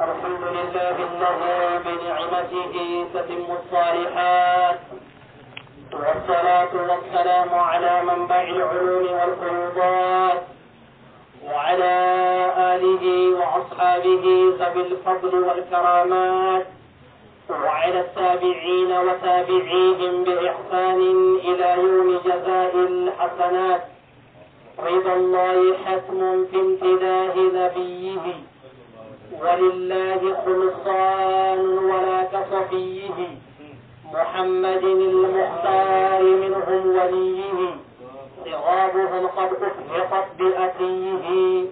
الحمد لله الله بنعمته تتم الصالحات والصلاة والسلام على منبع العلوم والفروضات وعلى آله وأصحابه ذوي الفضل والكرامات وعلى التابعين وتابعيهم بإحسان إلى يوم جزاء الحسنات رضا الله حتم في امتداد نبيه ولله خلصان ولا كصفيه محمد المختار منهم وليه صغابهم قد أفهقت بأتيه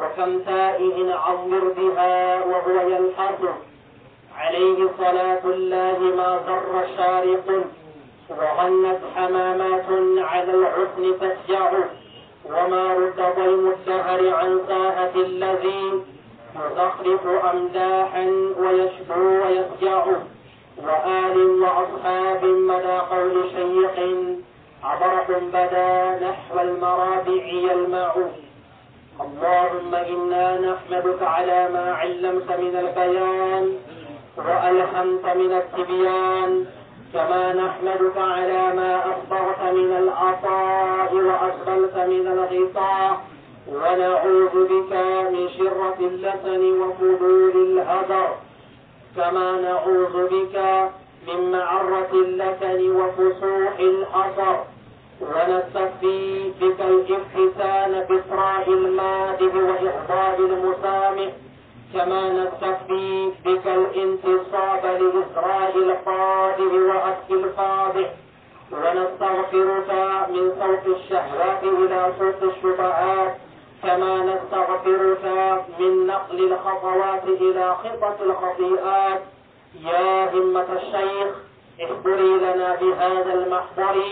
وكم تائه عمر بها وهو يلحظ عليه صلاة الله ما ضر شارق وغنت حمامات على الحسن تسجع وما رد ضيم الدهر عن ساهة الذي ويقذف أمداحا ويشكو ويفجع وآل وأصحاب مدى قول شيخ عبرة بدا نحو المرابع يلمع اللهم إنا نحمدك على ما علمت من البيان وألهمت من التبيان كما نحمدك على ما أخبرت من العطاء وأسبلت من الغطاء ونعوذ بك من شرة اللسن وفضول الهدر كما نعوذ بك من معرة اللسن وفصوح الأثر ونستفي بك الإحسان بإسراء المادب وإحضار المسامح كما نستفي بك الانتصاب لإسراء القادر وأسك الفاضح ونستغفرك من صوت الشهوات إلى صوت الشفعات كما نستغفرك من نقل الخطوات إلى خطة الخطيئات يا همة الشيخ احضري لنا بهذا المحضر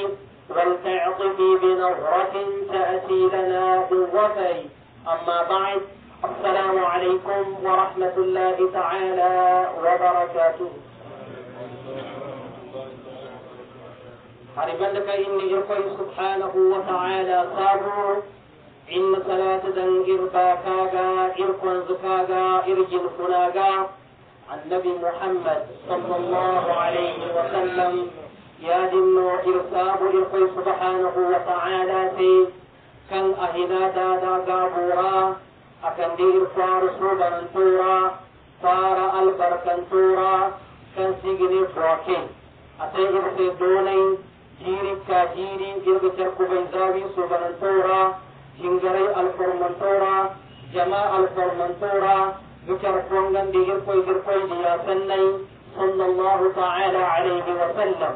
ولتعطفي بنظرة تأتي لنا قوتي أما بعد السلام عليكم ورحمة الله تعالى وبركاته حربنك إني إرقي سبحانه وتعالى صابر إن صلاتدن إرقا زكاكا إرج إرجن عن نبي محمد صلى الله عليه وسلم يا دن إرقاب إرقا سبحانه وتعالى في كان أهنا دادا قابورا أكن دي إرقا رسوبا نتورا صار نتورا كان سيجني فواكين أتي إرقي دونين جيري كاجيري إرقا تركو بيزاوي سوبا نتورا جنجري القرمنطورة جماع القرمنطورة ذكر قوانا بيركوي بيركوي يا سني صلى الله تعالى عليه وسلم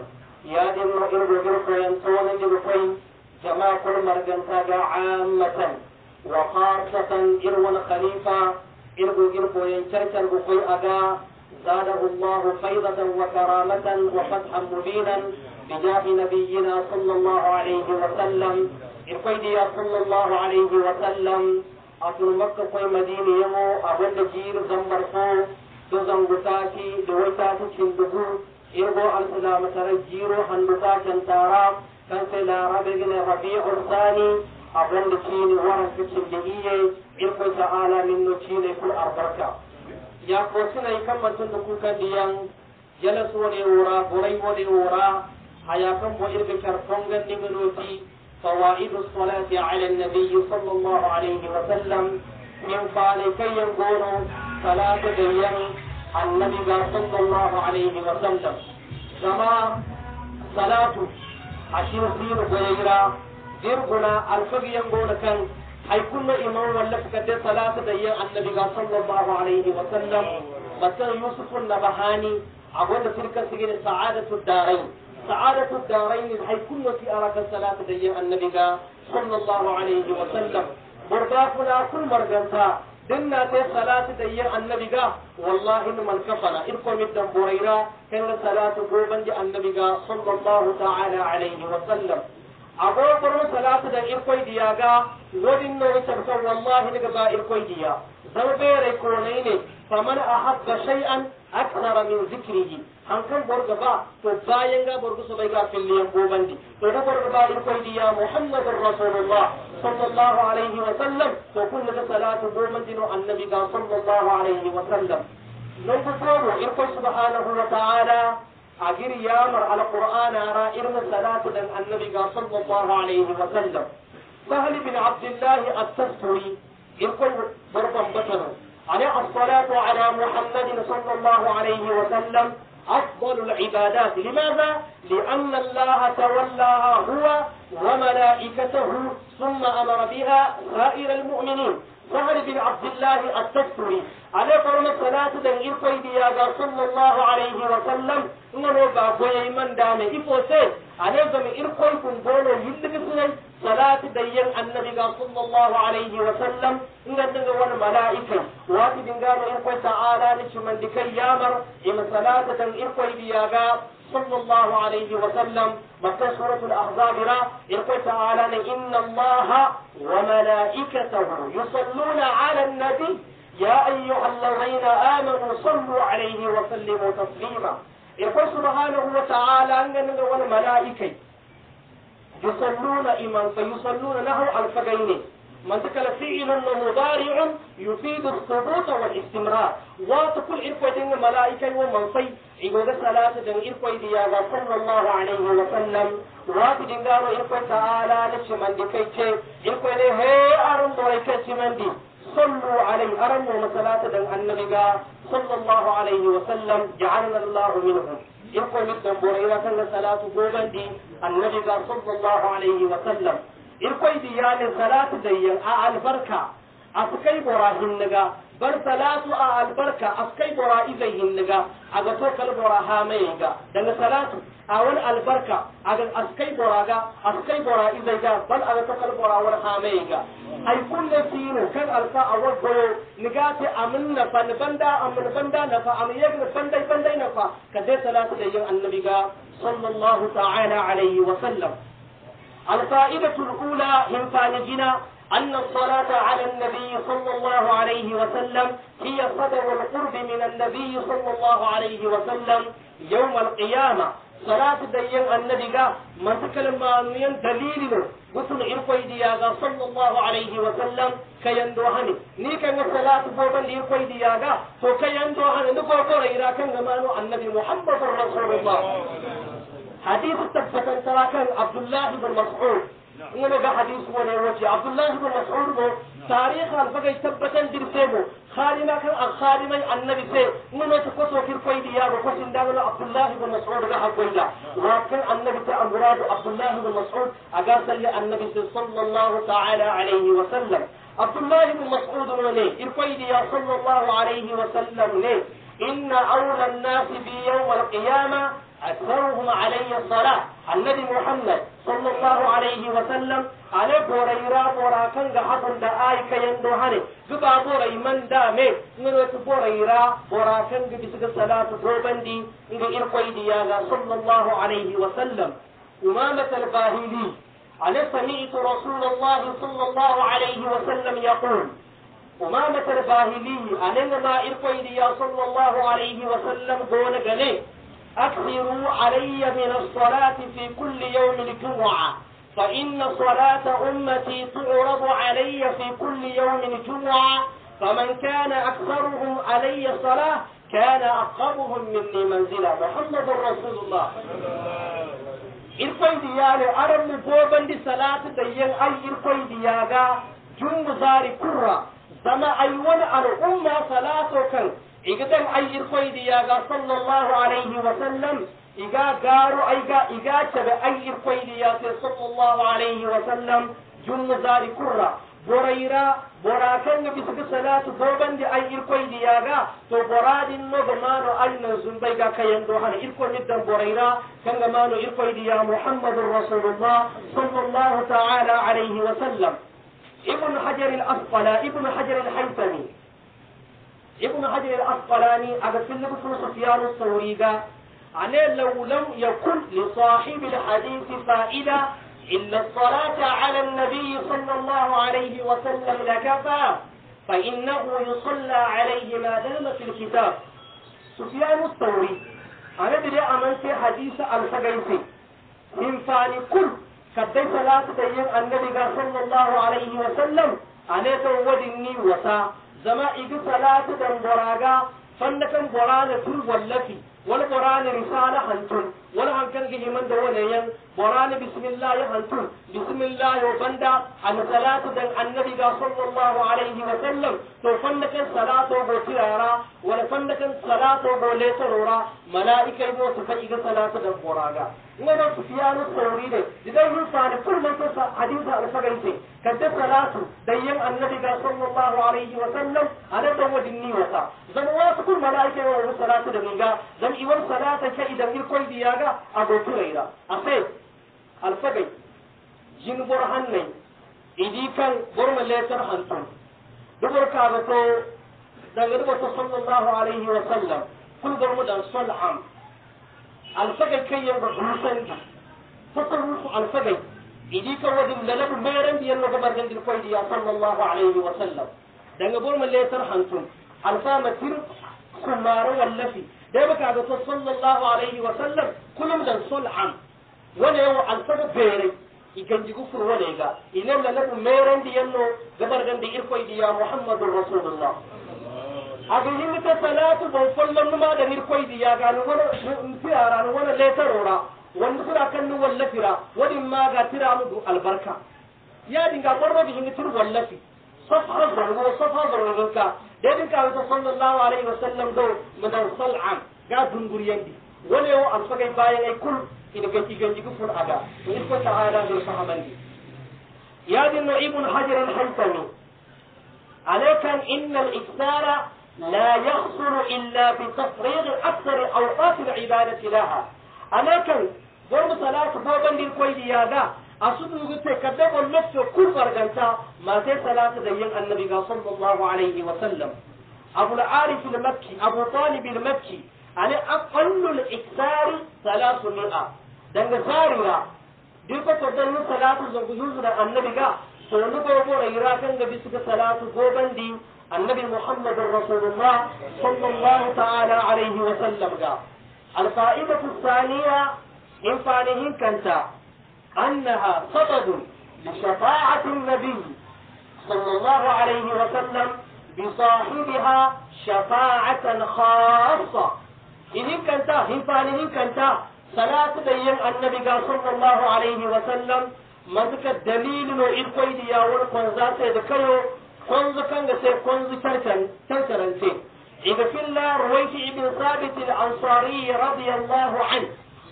يا دم إرب بيركوي انتونا بيركوي جماع كل مرجن عامة وخاصة إروان خليفة إرب بيركوي انتركا بيركوي أبا زاده الله فيضة وكرامة وفتحا مبينا بجاه نبينا صلى الله عليه وسلم ikwai ya sallallahu alaihi wa sallam a tun makka kwai madina yamo abin da jiri zambar ko to zanguta ki da wata ta cin dubu irgo al-salama tare jiro handuta kan tara kan sai larabe gina rabi'ul sani abin da ci ne waran cikin da iye irko ta'ala min no ci ne kul albarka ya ko suna yi kan mantun da kuka diyan jalasu ne wura burai ne wura hayakan bo irga karfon gandin minoti فوائد الصلاة على النبي صلى الله عليه وسلم من قال كي يقول فلا تبين النبي صلى الله عليه وسلم كما صلاة عشر سين غيرا جرغنا الفقي يقول كان حيكون إمام ولفك صلاة دي النبي صلى الله عليه وسلم مثلا يوسف النبهاني أقول تلك سجن سعادة الدارين سعادة الدارين من حيث كل هيكلة أراك الصلاة دي النبي صلى الله عليه وسلم مرضاكنا كل مرضاكنا دنا تي صلاة دي النبي والله إن من كفنا إبقوا من دنبورينا كان صلاة قوبا دي النبي صلى الله تعالى عليه وسلم أبو برو صلاة دي إبقوا دياغا ودن نو سرسل والله نقبا إبقوا ديا زوبير كونين فمن أحب شيئا أكثر من ذكره hankan borga ba to bayan ga borgo so bai ga filliyan gobandi to da borga ba in kulli ya muhammadur rasulullah sallallahu alaihi wa sallam to kun da salatu gobandi no annabi ga sallallahu alaihi wa sallam non ko ko in ko subhanahu wa ta'ala agir ya mar alqur'ana ra irna salatu dan annabi ga sallallahu alaihi wa sallam sahli bin abdullah at-tasri in ko borban batana على الصلاة على محمد صلى الله عليه وسلم أفضل العبادات لماذا؟ لأن الله تولاها هو وملائكته ثم أمر بها غير المؤمنين سهل بن عبد الله التستوري على قرن الصلاة دنجل قيد يا صلى الله عليه وسلم إنه باقوي من دامي إفوسي عليكم زمي إرقوي كن بولو يلقي salatu da yin annabi ga sallallahu alaihi wa sallam inda daga wani mala'ika wati dinga da irko ta'ala ni shiman dikai yamar in salatu dan irko biya ga sallallahu alaihi wa sallam makka suratul ahzab ra irko ta'ala ni inna allaha wa mala'ikatahu yusalluna ala an-nabi يا أيها الذين آمنوا صلوا عليه وسلموا تسليما يقول سبحانه وتعالى أن الملائكة يصلون إمام فيصلون له الفجين من تكلا فعل مضارع يفيد الثبوت والاستمرار واتكل إرقوة ملائكة في عبادة صلاة دن إرقوة دياغا صلى الله عليه وسلم واتي دنگارو إرقوة تعالى لشمن دي كيكي إرقوة دي هي أرم دوري كيشمن دي صلوا عليه أرم ومسلاة دن النبي صلى الله عليه وسلم جعلنا الله منهم إرقوة مثل بوريرة صلاة قوبا دي النبي صلى الله عليه وسلم إن كوي ديان الزلاة ديان أعال آه، فركة أفكي براهن bar salatu a albarka askai bora izai hinniga a ga tokal bora hamayiga daga salatu a wani albarka a ga askai bora ga askai bora izai ga bal a ga tokal bora wani hamayiga ai kunne tiro kan alfa a wani goyo niga te amin na fa ni banda amin banda na fa amin yag na banda bandai na fa ka dai salatu da yin annabi ga sallallahu ta'ala alaihi wa sallam الفائدة الأولى من فانجنا أن الصلاة على النبي صلى الله عليه وسلم هي صدر القرب من النبي صلى الله عليه وسلم يوم القيامة صلاة دين النبي مسكل المعنيين دليل وصل إرقوي دياغا صلى الله عليه وسلم كيندوهني نيكا الصلاة فوتن إرقوي دياغا تو كيندوهني نقوقور إراكا نمانو النبي محمد رسول الله حديث تبتن تراكا عبد الله بن مسعود إنما حديث ولا وجه عبد الله بن مسعود تاريخ الفقه تبتا درسيبو خالما كان آه، خالما النبي سي إنما تقصوا في القيد يا وقصن داولا عبد الله بن مسعود لها قيدا وكان النبي تأمراد عبد الله بن مسعود اگر أقاسل النبي صلى الله تعالى عليه وسلم عبد الله بن مسعود ولي القيد يا صلى الله عليه وسلم لي إن اول الناس في يوم القيامة أكثرهم علي الصلاة النبي محمد صلى الله عليه وسلم على بوريرا بورا كان حبن دا آي كيان دوهاني زبا بوري من دامي نروت بوريرا بورا كان بسك الصلاة توبن دي إنه إرقوي دياغا صلى الله عليه وسلم أمامة الباهلي على سمعت رسول الله صلى الله عليه وسلم يقول أمامة الباهلي على ما إرقوي ديا صلى الله عليه وسلم دون قليل أكثروا علي من الصلاة في كل يوم الجمعة فإن صلاة أمتي تعرض علي في كل يوم الجمعة فمن كان أكثرهم علي صلاة كان أقربهم مني منزلا محمد رسول الله irkoy diyale aran بوبا لصلاة salatu أي yan ay جنب diyaga كرة zari kurra zama صلاة wani إنكتم أيير قيد يا صلى الله عليه وسلم إذا قارو أيجا إجا شب أيير قيد يا صلى الله عليه وسلم جم زاري كرة بريرا براكن بسك صلاة دوبند أيير قيد يا جا تو براد النظمان أين زنبيجا كي يندوهن إير قيد بريرا كن مانو إير قيد يا محمد رسول الله صلى الله تعالى عليه وسلم ابن حجر الأصفلا ابن حجر الحيثمي ابن حجر الأسقلاني أغسل بكم سفيان الصوريقة عليه لو لم يكن لصاحب الحديث فائدة إلا الصلاة على النبي صلى الله عليه وسلم لكفى فإنه يصلى عليه ما دل في الكتاب سفيان الثوري أنا بدي أمنت حديث الفقيسي من فاني كل كدي صلاة تيم النبي صلى الله عليه وسلم عليه ودني وسا zama igi salatu dan boraga fanda kan borana tur wallafi wal borana risala hantun wala han kan gini man da wala yan borani bismillah ya hantu bismillah ya banda al salatu dan annabi ga sallallahu alaihi wa sallam to fanda kan salatu go tirara wala fanda kan salatu go le tarora malaika go su fa iga salatu da boraga ina da na sauri ne idan mun fara kullun ta sa hadisi al fagaiti kadda salatu dan yan annabi ga sallallahu alaihi wa sallam ala da wadin ni wata zan wasu kun malaika go salatu da mun ga zan iwar salata kai idan irkoi biya kaga agotureira ase alfagay jin bor hannai idi kan bor maletar hantum dubor kaga to daga dubor to sallallahu alaihi wa sallam kul bor mu dan salham alfagay kai yanga husan ta fata ruhu alfagay idi kan wadin lalabu meran biyan no gabar gandil koy diya sallallahu alaihi wa sallam daga bor maletar hantum alfa matir kumaro wallafi dai ka ga to sallallahu alaihi wa sallam kullum dan sulhan wala yau an sada bere ji kufur wala ga ilan la lakum meren di yanno gabar dan da irko di ya muhammadur rasulullah abin yin ta salatu ban sallan ma da irkoi da ya ga wala mutiyara wala letarora wanda kura kan ni wallafira wani ma ga tira mu albarka ya dinga kwarro da yin tur wallafi safa zargo safa da ka dedin ka wata sallallahu alaihi wasallam do mudan sal'an ga dungur yandi wala yo am sagay baye ay kul ina ga ci ganji kul ada in ko ta'ala do sahabandi ya din ibn hajar al haytami alaykan inna al iktara la yahsul illa bi tafriq akthar awqat al ibadati laha alaykan gormu salatu bo bandir koy diyada أصدق تكذب النفس كل فرقنتا ما زي صلاة زين النبي صلى الله alaihi wa sallam. العارف المكي أبو طالب المكي على أقل الإكثار ثلاثمائة دنگ زارورا duka tattalin salatu zunguzun da annabi ga sanannu ko da irakan da bisu salatu gobandi annabi muhammadin rasulullah sallallahu ta'ala alaihi wa sallam ga alfa'idatu thaniya in fanihin kanta أنها صدد لشفاعة النبي صلى الله عليه وسلم بصاحبها شفاعة خاصة إذن كنت هنفان إذن كنت صلاة ديان النبي صلى الله عليه وسلم مذكى دليل نو إلقوي دياور قنزات يدكيو قنز كنغ سي قنز ترتن ترتن إذا في الله رويت ابن ثابت الأنصاري رضي الله عنه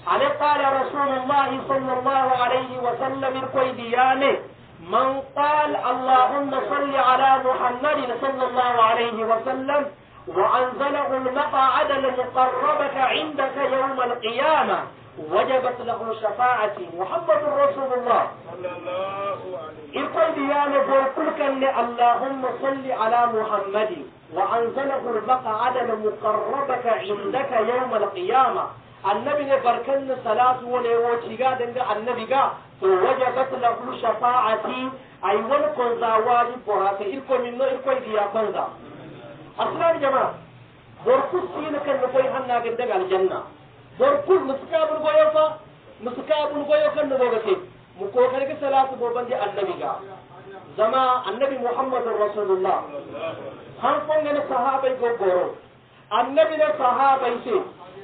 على قال رسول الله صلى الله عليه وسلم الكوي ديانه من قال اللهم صل على محمد صلى الله عليه وسلم وأنزله المقعد المقربة عندك يوم القيامة وجبت له شفاعة محمد رسول الله صلى الله عليه وسلم يا نبوكك اللهم صل على محمد وأنزله المقعد المقربة عندك يوم القيامة annabi ne barkan na salatu wani wace ga danga annabi ga to waje ba ta lafu shafa'ati ai wani konza wani bora ta irko min no irko idi ya A asran jama'a bor ku na kan no koy hanna ga daga aljanna bor ku muskabul goyo fa muskabul goyo kan no ga mu ko kare ga salatu bo bandi annabi ga zama annabi muhammadur rasulullah har fonga na sahabai go goro annabi ne sahabai sai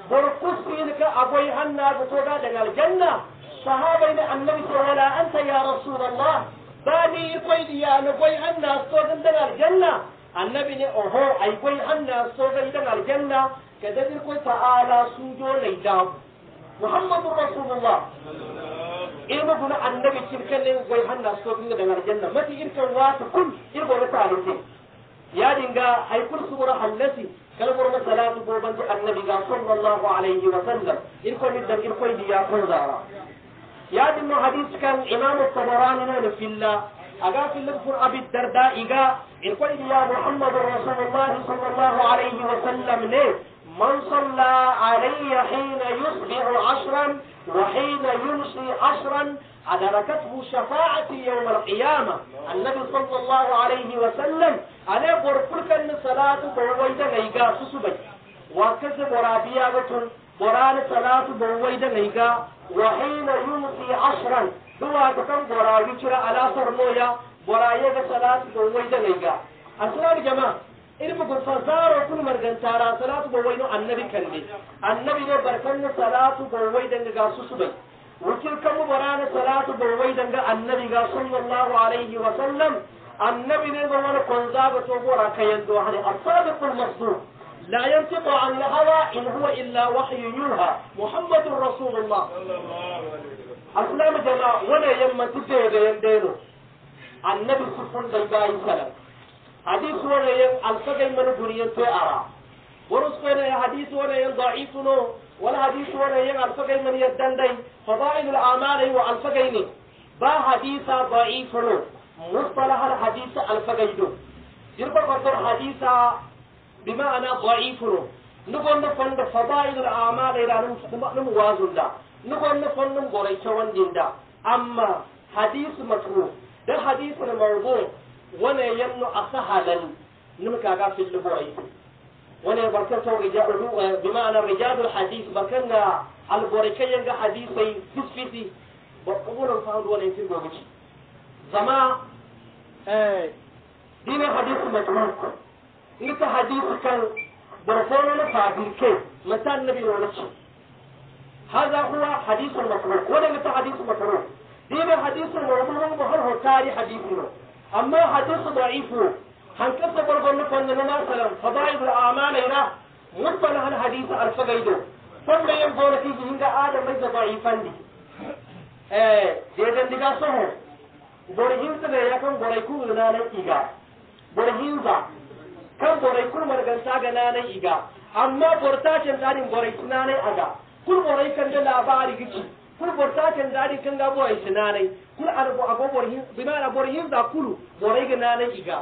burkusinka akwai hanna ta toga daga aljanna sahabai ne annabi ko wala anta ya rasulullah ba ni kai diya ni kai hanna so dan daga aljanna annabi ne oho ai kai hanna so dan daga aljanna ka da dir kai ta'ala su jo laida muhammadur rasulullah ina guna annabi cikin ne kai hanna to dan daga aljanna mati irkan wa ta kun irgo ta alice ya dinga haikul subra halasi كلمه صلاه بوبن النبي صلى الله عليه وسلم ان كنت ذكر قيد يا قودا يا ابن حديث كان امام الطبراني نقول في الله اغا ابي الدرداء ان قيد يا محمد رسول الله صلى الله عليه وسلم من صلى علي حين يصبح عشرا وحين يمشي عشرا أدركته شفاعة يوم القيامة النبي صلى الله عليه وسلم أنا برفرك أن صلاة برويدة غيقا سسبي وكذا بطن بران صلاة برويدة غيقا وحين يمسي عشرا دوا تكم براوي ترى على صرمويا براية صلاة برويدة غيقا أسلام جماعة ilmu gurfa zaro kun margantara salatu gawai no annabi kalle annabi ne barkan salatu gawai dan ga su su bai உச்சிற்கமும் வராத சொலாத்து தொழுவைதங்க صلى الله عليه وسلم النبي نظر كنزاب تقول كيندو هذا يعني الصادق المصدوق لا ينطق عن الهوى إن هو إلا وحي يوحى محمد رسول الله عليه وسلم أسلام جماعة ولا يما تجد يندينو النبي سفن دلقاء سلام حديث ولا يم الفقه من دنيا تأرى ورسكنا حديث ولا يم ضعيف نو wani hadisi wani yin alfagai mani yaddan dai fadailul amali wa alfagai ne ba hadisa da'ifun mustalahal hadisa alfagai do jirba kwatar hadisa bima'ana da'ifun nugon na fanda fadailul amali da nun wazun da nugon na fannin goraice wandin da amma hadisu matru dan hadisu marbu wani yannu asahalan nimka ga fil bu'aifu wani barkan sau bima'ana rijalul hadith barkan ga alborakai yanga hadisai bisfiti ba kuburin fahimu wani fi gobe zama dinin hadisi majmuk ita hadisi kan barfona na fabrike mata annabi na wani هذا هو حديث مطروق ولا متى حديث مطروق ديما حديث مرموم بهر هو تاري حديثنا أما حديث ضعيف هنكسب ಕೊಂದನ ಸಲ ಫದಾಯಿಬಲ್ ಆಮಾಲೇನ ಮುರ್ಬಲ ಹನ ಹದೀಸ ಅರ್ಸಗೈದು fonda yen gonaki ji hinga ada mai da bai fandi eh je dan diga soho gore hinta da yakan gore ku na nan iga gore hinza kan gore ku margan ta ga nan iga amma portacin dadin gore na nan aga kun gore kan da labari gici kun portacin dadin kan ga boye sinanai kun arbo ago gore hin bima na gore hinza kulu gore ga nan iga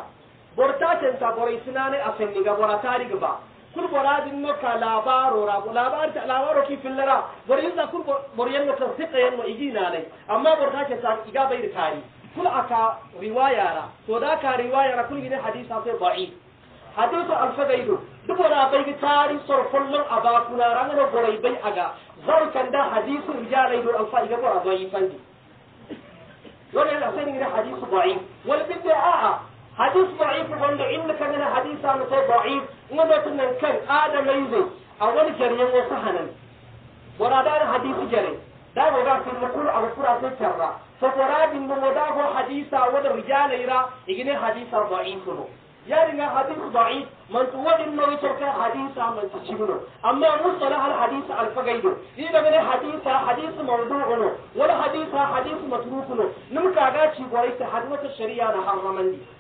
bortaten ta borai sinane asen diga bora tariga ba kur bora no ka labaro ra labaro ta labaro ki fillara borin za kur boryen ta yin yanno igina ne amma bortaten ta iga bai tari kul aka riwaya ra to da ka riwaya ra kul gine hadisa sai da'if al alfagaido duk wani bai ga tari sorfollon a bakuna ranar borai bai aga kan da hadisu rijalai do alfa iga bora da'ifan fandi wannan yana sai ne hadisu da'if wal bidda a'a hadis da'if wanda in ka gana hadisa na sai da'if in ba tun nan kan adama yuzo a wani jariyan wasu hanan wala da hadisi jare da ba ga sun kul a kura sai tarra fa qarabin mu da go hadisa wada rijala ira igine hadisa da'if no ya dinga hadis da'if man tu wadin no ita ka hadisa man tu cibno amma musalah al hadis al fagaido ni da ne hadisa hadis mawdu'u no wala hadisa hadis matruku no nim ka ga ci gore ta hadwata shari'a na harramandi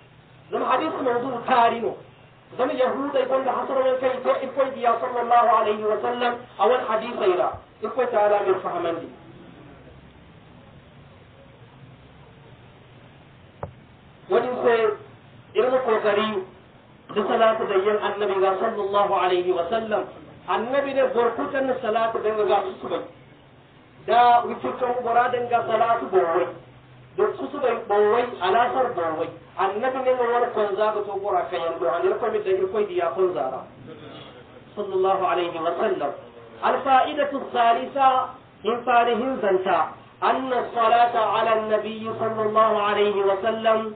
zama hadisi mawdu tarino zama yahuda gonda hasara kai to ikoy diya sallallahu alaihi wa sallam awan hadisi ira ta ala min fahamandi wani sai irin kokari da salatu da yin annabi ga sallallahu alaihi wa sallam annabi da gorkutan salatu da ga su bai da wuce kan gora da ga salatu bawai da su bai bawai alasar bawai annata min wona konzaɗo to ɓura feñen ɗo an irkomi dagir koye diya konzaɗa صلى الله عليه وسلم الفائدة الثالثة من فاره زنتا أن الصلاة على النبي صلى الله عليه وسلم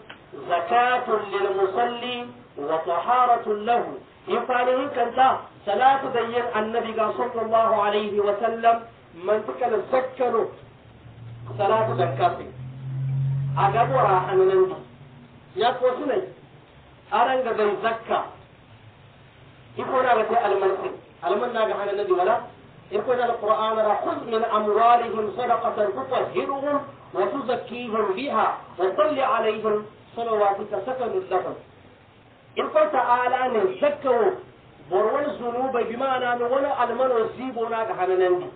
زكاة للمصلي وطهارة له يقال فاره صلاة دين النبي صلى الله عليه وسلم من تكن تذكر صلاة زكاة أجابها أن ننبي ya ko sunai aran ga ban zakka iko na ga almansi alman na ga hana nabi wala iko na alquran ra khudh min amwalihim sadaqatan tutahhiruhum wa tuzakkihim biha wa salli alaihim salawatuka sakanun lahum iko ta'ala ne zakkawo borwal zunuba bi ma'ana wala alman wasibo na ga hana nan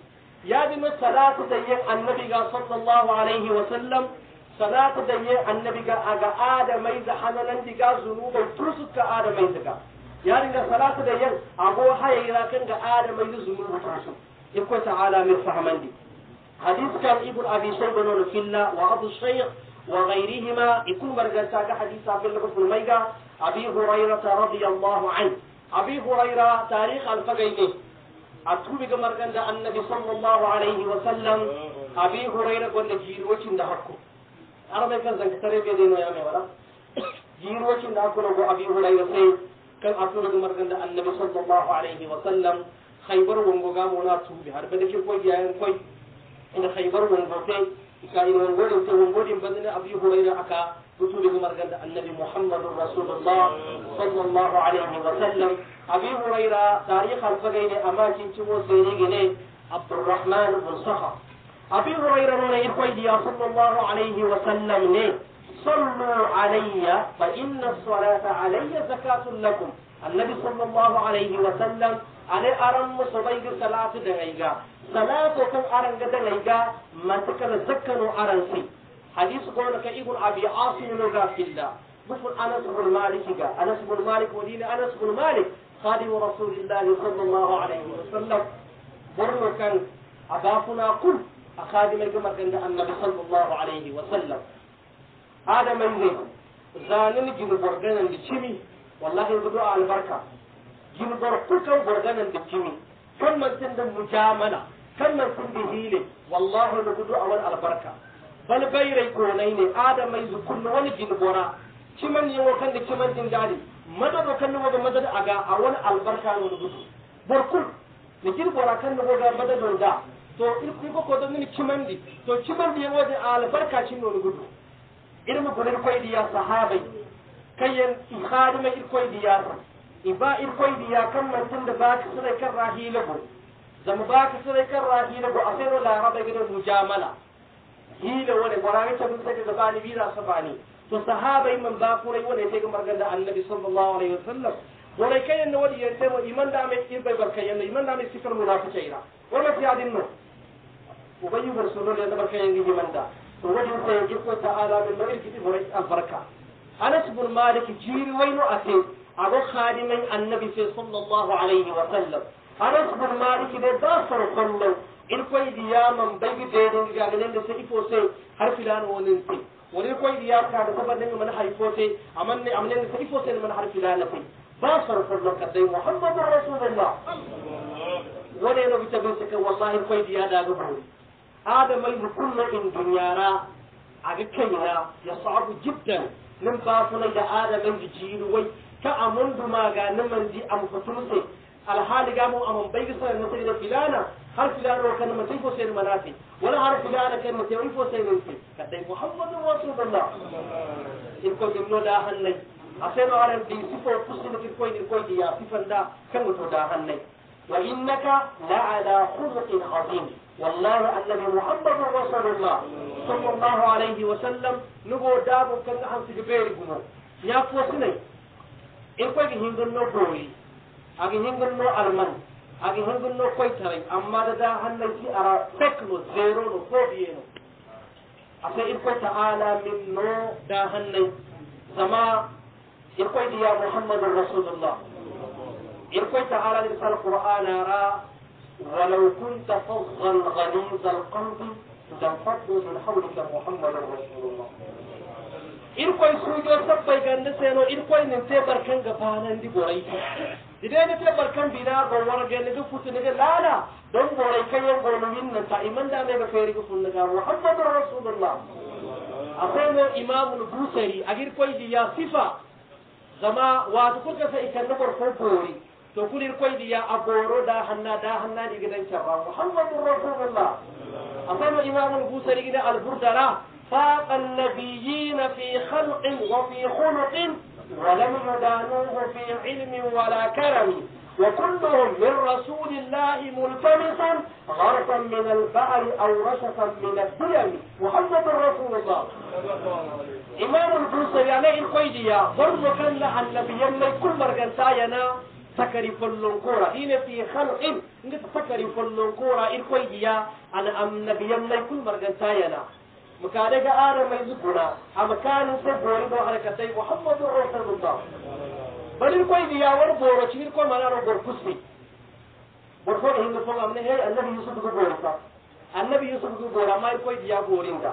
ya bi masalatu da yin annabi ga sallallahu alaihi wa sallam صلاة دي النبي أجا آدم إذا حنن دي ذنوب ترسك آدم إذا يعني صلاة دي أبو حي لكن كان آدم إذا ذنوب ترسك يكون تعالى من دي حديث كان ابن أبي شيبة نوركلا وأبو الشيخ وغيرهما يكون برجساك حديث عبد الله بن ميجا أبي هريرة رضي الله عنه أبي هريرة تاريخ الفقيه أتوب كمرجن النبي صلى الله عليه وسلم أبي هريرة قلنا جيروش دهكو عربي كان زنك تري بيدينو يا غيرا جيروشين داكونا بو أبي هريرة سي كان أتونا دمر غند النبي صلى الله عليه وسلم خيبر ونغوغا مونا توبي هربدك كوي يا كوي إن خيبر ونغوغا كاين ونغوغا ونغوغا بدنا أبي هريرة أكا بطول عمر قال النبي محمد رسول الله صلى الله عليه وسلم أبي هريرة تاريخ الفقين أماكن تموت سينيجي عبد الرحمن بن صخر أبي هريرة نون إخوة يا صلى الله عليه وسلم ليه صلوا علي فإن الصلاة علي زكاة لكم النبي صلى الله عليه وسلم على أرم صبيغ صلاة دعيغا صلاة كم أرنغ دعيغا ما تكر زكنو أرنسي حديث قولك ابن أبي عاصم نغاف الله مثل أنس بن مالك أنس بن مالك ودين أنس بن مالك خادم رسول الله صلى الله عليه وسلم برنا كان أباكنا قلت أخادم كما كان النبي صلى الله عليه وسلم هذا من ذي زانن جنبور جنن بشمي والله يبدو على البركة جنبور كوكو برجنن بشمي كم من سند مجاملة كم من سند هيلة والله يبدو أول البركة بل بيري كونين آدم من ذي كل ولي جنبورا كمن يوكن كمن جنجالي مدد وكن وضو مدد أغا أول awon albarka no dudu borkul ne jir وضو kanni woga to irku ko ko dangane kimandi to kimandi yan wajen albarka shi no gudu irmu gunar koi diya sahabai kayan ihadima koi diya iba koi diya kan tun da ba ka sare kan rahila go zan ba ka sura kan rahila go asiru la raba gidan mujamala hila wala warai ta duk da ni bira sabani to sahabai man ba rai wani ta gamar marganda annabi sallallahu alaihi wasallam wala kayan na wani ya sai iman da mai ibai barkayan iman da mai sifar munafiqaira ورما في عدن نو وبي برسولو لأن بركين يجي من دا ووجه سيجيكو تعالى من مريك في مريك أفركا أنس بن مالك جير وينو أتي أبو خادم النبي صلى الله عليه وسلم أنس بن مالك بيباسر قلو إن كوي دياما بيبي ديرين جاغنين لسيكي فوسي حرفلان وننسي wani koy di yaakaar ko ba dañu mën hay foote aman ne am leen sa ifo seen mën har filaa la ba sarfa lokkat day muhammadur rasulullah wane na no bita gon saka wallahi koy diya da go bu ada mai kullu in dunyara aga kaina ya sabu jiddan nan ba funa da ada ban jiru wai ka amun duma ga nan ji am fatul sai alhali ga mu amun bai ga sai mutai da filana har filana kan mutai ko sai manafi wala har filana kan mutai ko sai mutai ka dai muhammadu rasulullah in ko dimno da hannai a sai no aran di sifo kusin ki koy ni koy di ya sifan da kan to da hannai وإنك لعلى خلق عظيم والله الذي محمد رسول الله صلى الله عليه وسلم نبو دابو كان عن سجبير بنا يا سني إن كنت هنغن نو بوري أغي هنغن نو ألمان أغي هنغن نو كوي تري أما دا هنن كي أرى تكنو زيرو نو فوبيينو أسا إن كنت تعالى من نو دا هنن زما إن كنت يا محمد رسول الله يقول تعالى الإنسان القرآن را ولو كنت فظا غليظ القلب لانفضوا من حولك محمد رسول الله irkoy sujo sabbay gande seno irkoy nin te barkan ga banandi boray ide ne te barkan bina go warge ne du futu ne lala don boray kay go no minna ta iman da ne ga feri go funna ga muhammadur rasulullah akwai no imamul busari agir koy di ya sifa zama wa kuka ko ka sai kan no bor ko bori تقول الكويد يا أبورو دا حنا دا حنا نجد إن شاء الله محمد رسول الله أمام إمام البوسري إلى البردرة فاق النبيين في خلق وفي خلق ولم يدانوه في علم ولا كرم وكلهم من رسول الله ملتمسا غرفا من البعر أو رشفا من الدلم محمد رسول الله إمام البوسري يعني الكويد يا ضرب كلا النبي كل مرقن ساينا sakari follon kora hina fi khalqin inda sakari follon kora in koy giya an annabiyam lai kul margan tayana muka daga ara mai zukuna a makanin sai bori do harkatai muhammadu rasulullah bari koy giya war boro cikin koy ro gor kusi bor ko hinda fon amne hey annabi yusuf ko boro ta annabi yusuf ko boro mai koy giya borinda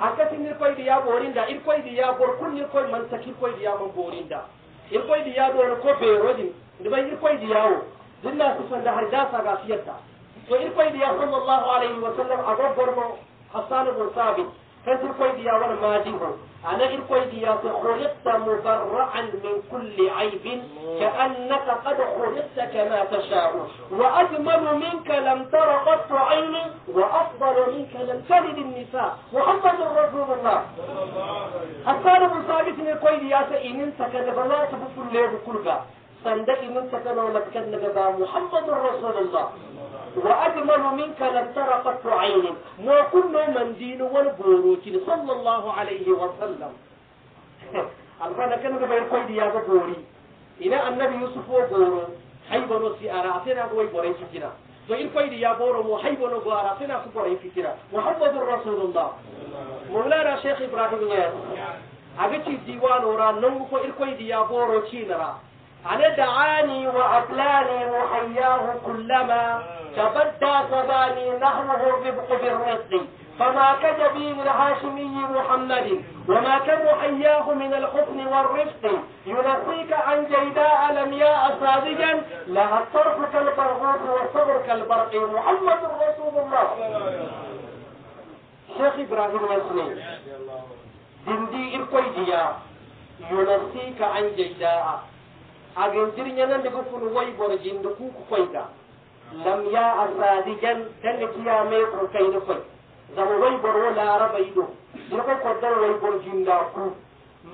hakatin ir koy giya borinda in koy giya bor kun ir koy man saki koy giya man borinda in koy giya bor ko be rodin ndiba irkoy diyawo dinna kusanda har dasa ga fiyatta to irkoy diya sallallahu alaihi wa sallam ago gormo hasan ibn sabit kan irkoy diya wala maji ho ana irkoy diya to khuliqta mubarra'an min kulli aibin ka annaka qad khuliqta kama tasha'u wa ajmalu minka lam tara qattu ayni wa afdalu minka lam talid an-nisa muhammadur rasulullah hasan ibn sabit ne koy diya ta inin ta kada ba za ta bu kullu kulga صندلي منك كما مكن لجبا محمد رسول الله وأجمل منك لن ترى قط عين ما كل من دين والبروك صلى الله عليه وسلم الفانا كان جبا يقول يا بوري إلى النبي يوسف وبورو حيبنو سيارة أتنا بوي بوري كنا to in koyɗi yaɓoro mo haygono go ara sena supora e fikira mouhammadou rasulullah mowlana cheikh ibrahima ñeer aga ci diwan ora nongu ko ir koyɗi yaɓoro cinara على دعاني وأبلاني وحياه كلما تبدى صباني نحوه الربق بالرزق فما كتبي هاشمي محمد وما كمحياه من الحسن والرفق ينقيك عن جيداء لم ياء صادقا لها الطرف كالبرغوث والصبر كالبرق محمد رسول الله شيخ ابراهيم الحنين دندي الكويتيه ينقيك عن جيداء ajon jirñanande fof kono woyi ɓoro jinde kuuko koyga lam ya a sadijan tande kiyame ko kayde koy zama woyi ɓoro wo laaraba yiɗo joko koddan woyi ɓoro jinda ku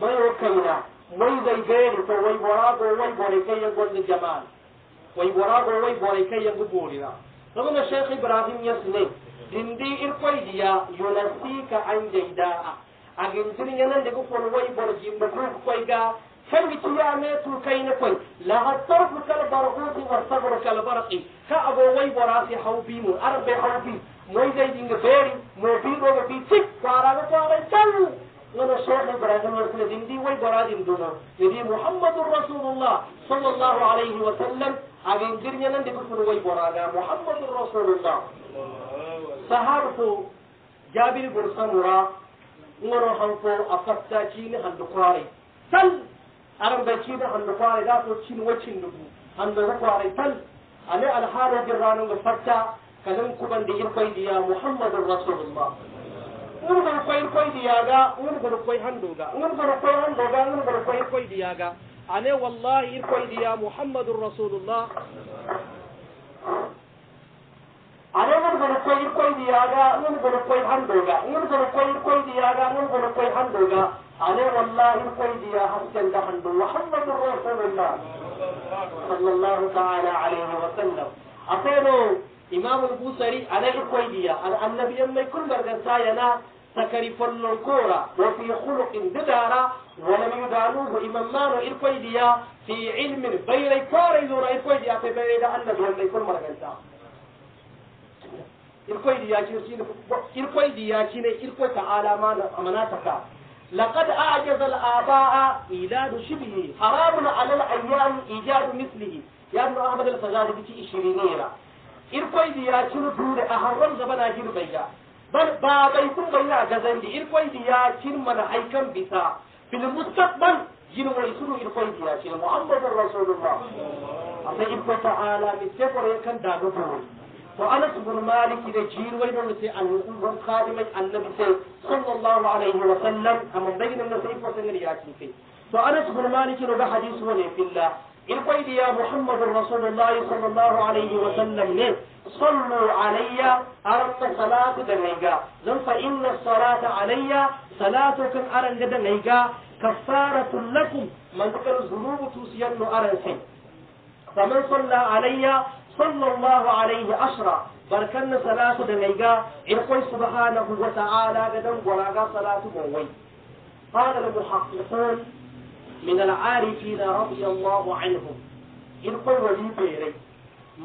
mayo kayna moygay beeri to woyi ɓorago woyi ɓore kaye gonɗo jamal woyi ɓorago woyi ɓore kaye ngo boorira ɗogono cheikh ibrahim yasne dindi ir koydiya yonasika an jeydaa agin jirñanande ko kono woyi ɓoro jinde kuuko koyga سنگ تیانے تل کئی نہ کوئی لغت طرف کل برغو دی ور صبر کل برقی کا ابو وی براسی حوبی مو عرب حوبی موی دی دنگ بیری مو بیرو بی چک پارا دا چارے چلو لنا شيخ إبراهيم ورسل دندي والبراد دونا يدي محمد رسول الله صلى الله عليه وسلم أجن جرنا لن تكفر والبرادا محمد رسول الله سهرفو جابر برسمرا ورحمكو أفتاكين هندقاري سل bai ci da hannu kware da so cin wacin dubu hannu kware tal ale alhara jirranu da fatta kalan kuban da irkwai diya muhammadur rasulullah ngur gar kwai kwai diya ga ngur gar kwai hando ga ngur gar kwai hando ga ngur gar kwai kwai diya ga ne wallahi irkwai diya muhammadur rasulullah anan gana koyir koydiyaga ngun gana koy handoga ngun gana koyir koydiyaga ngun gana koy handoga ane wallahi koydiya haskenda hando muhammadun rasulullah sallallahu taala alayhi wa sallam akono imamul busari anaga koydiya an annabiyammay kulgargasayana sakari fallon kora wa fi khuluqin bidara wa lam yudanuhu fi ilmin bayrai kora izona irkoydiya da annabi wammay kulmarganta irkoi diya shi shi irkoi diya shi ne irkoi ta'ala ma manataka laqad a'jaza al-aba'a iladu shibhi haramun 'ala al-ayyam ijadu mislihi ya ibn ahmad al-fazari bi 20 ra irkoi diya shi ne dure a haram zaba na jin bai ga bar ba bai kun bai na gazan di irkoi diya shi mana haikan bisa bil mustaqbal jin wai suru irkoi diya shi muhammadur rasulullah amma irkoi ta'ala bi sai kan da gabo to anas ibn malik da jirwai da sai al-umar khadimin annabi sai sallallahu alaihi wa sallam amma bayin nan sai fa sanin ya ci to anas ibn malik da hadisi wani in kai da ya sallallahu alaihi wa sallam ne sallu alayya arata salatu da naiga zan fa inna salata alayya salatu kan aran da naiga kafaratul lakum man zikr zunubu tusiyan aran sai salla alayya صلى الله عليه أشرى بركنا صلاة دميقا إرقوي سبحانه وتعالى قدم وراغا صلاة موي قال المحققون من العارفين رضي الله عنهم إرقوي وجيب إلي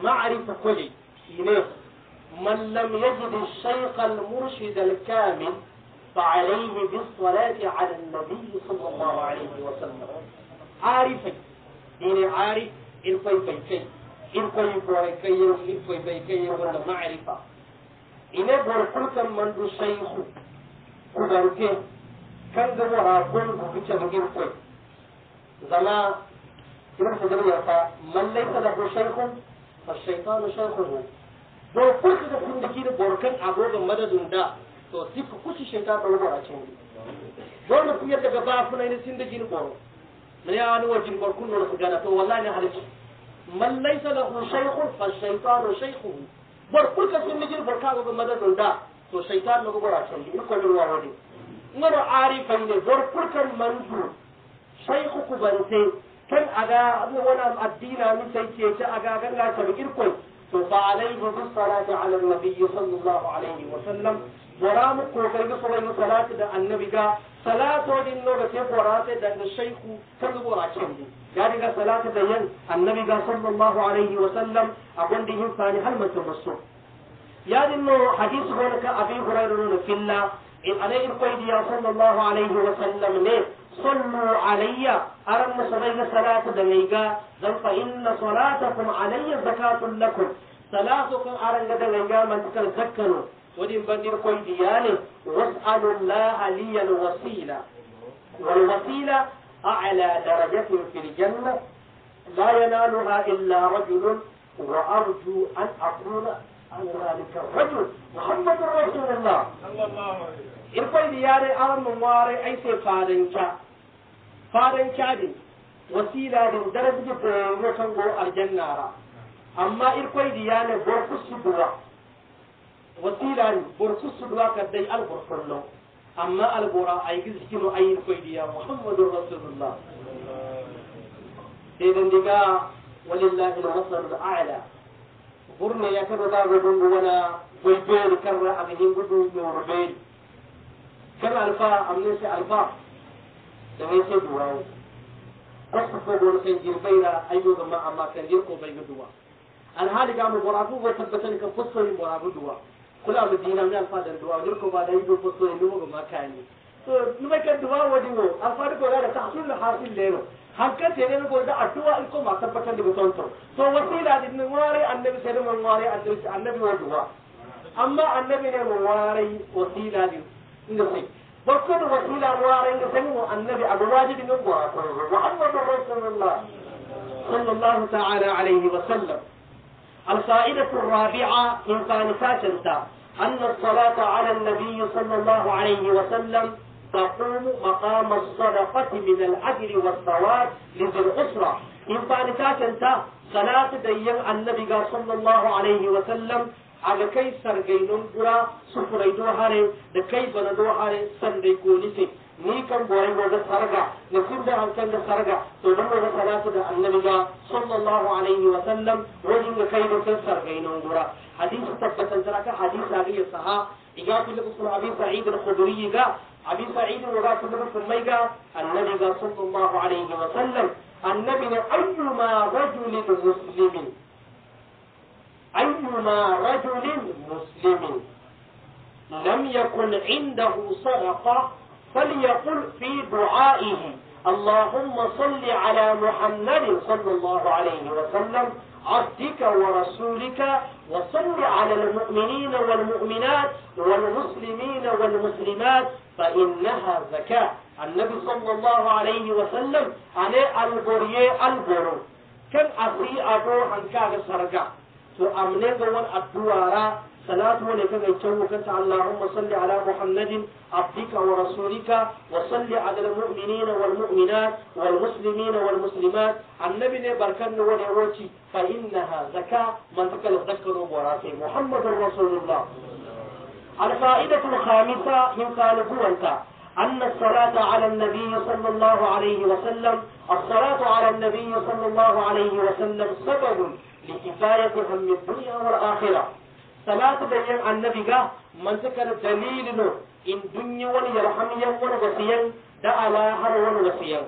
معرفة كلي إليه من لم يجد الشيخ المرشد الكامل فعليه بالصلاة على النبي صلى الله عليه وسلم عارفا دون يعني عارف إرقوي فيكي irko yi bore kayyar irko bai kayyar wanda ma'arifa ina bore kulkan mandu shaihu kudanke kan gabo a kun kuce mu irko zama irin su gaba yarfa mallai ta da ko shaihu fa shaitanu shaihu ne bore kulka da kun daki da borkan agogon madadin da to sifu kusi shaitan ɗauko a cikin dole kun yadda gaba kuna ina sin da jini boro na yawani wajen borkun nuna su gana to wallahi ne halittu man laysa lahu shaykhun fa shaytanu shaykhuhu bor kul ka sin mijir bor kaga go madan da to shaytan no go bora san ko ruwa wadi ngoro ari fanne bor kul kan manzu shaykhu ku bante kan aga mu wana addina ni sai ke ta aga ganga ta bigir koi to fa alaihi salatu ala nabi sallallahu alaihi wa sallam wara mu ko kai ga salatu da annabi ga salatu din no ga te bora te daga shaiku kan bora ya daga salatu da yan annabi ga sallallahu alaihi wa sallam a da yin fani hal mutum musu ya din no hadisi gona ka abi hurairu no filla in alai qaidi ya sallallahu alaihi wa sallam ne sallu alayya aran masabai ga salatu da mai ga zan fa inna salatakum alayya zakatun lakum salatukum aran ga da mai ga man zakkaru ودين بندير كون ديانه واسأل الله لي الوسيلة والوسيلة أعلى درجة في الجنة لا ينالها إلا رجل وأرجو أن أكون عن ذلك الرجل محمد رسول الله صلى الله عليه وسلم إرفل دياري أرم مواري أي سي فارنشا فارنشا دي وسيلة من درجة بومتنبو الجنة أما إرفل دياري بوكس بوا وسيلان برقص دواك دي البرقر لو أما البراء أي قزكين أي القيد محمد رسول الله إذن دقاء ولله المصر الأعلى برنا يا كرة دار ربن بولا ويبين كرة أغنين يوربين كرة ألفا أمنسي ألفا دوين سي دواو قصف بول سي جير ما أما كان يرقو أنا هالي قام البراكو وصدتني كفصة البراكو دواو kula mi dina mi alfa dan duwa nurko ba dan do posto en duwa ma kani so nume ka duwa wodi mo alfa ko la ta hasul hasil leno hakka tere ko da atuwa ko ma tabbatan de ton to so wasila din ngware annabi sere mo ngware annabi annabi wo duwa amma annabi ne mo ngware wasila din inda sai bakko do wasila ngware inda sai mo annabi abu wajibi ne ko wa muhammadu rasulullah sallallahu ta'ala alaihi wa sallam القائلة الرابعة إنسان فاشنتا أن الصلاة على النبي صلى الله عليه وسلم تقوم مقام الصدقة من العدل والثواب لذي الأسرة إنسان فاشنتا صلاة ديّن النبي صلى الله عليه وسلم على كيسر sargainun kura sufurai dohare لكي kai bana dohare sandai نيكم بوين بوغا سرقا نكون بوغا كندا سرقا سنم بوغا سلاسة النبي صلى الله عليه وسلم وزن كيدو كن سرقين ونقرا حديث تبقى سرقا حديث آغية سها إجابة لأسر أبي سعيد الخدري أبي سعيد وغا سلم سميقا النبي صلى الله عليه وسلم النبي أيما رجل مسلم أيما رجل مسلم لم يكن عنده صرقة فليقل في دعائه اللهم صل على محمد صلى الله عليه وسلم عبدك ورسولك وصل على المؤمنين والمؤمنات والمسلمين والمسلمات فإنها زكاة النبي صلى الله عليه وسلم على البرية البرو كم أخي أبو عن كاغ سرقا تو أمنه ون الدوارا صلاة هنا كذا يتوقف اللهم صل على محمد عبدك ورسولك وصل على المؤمنين والمؤمنات والمسلمين والمسلمات النبي ne barkan ne wani wace fa innaha zaka man takal zakaru محمد muhammadur rasulullah الفائدة الخامسة من قالبوانك أن الصلاة على النبي صلى الله عليه وسلم الصلاة على النبي صلى الله عليه وسلم سبب لكفاية هم الدنيا والآخرة salatu da yan annabi ga man sakar dalilino in dunya wani yan wani wasiyan da ala har wani wasiyan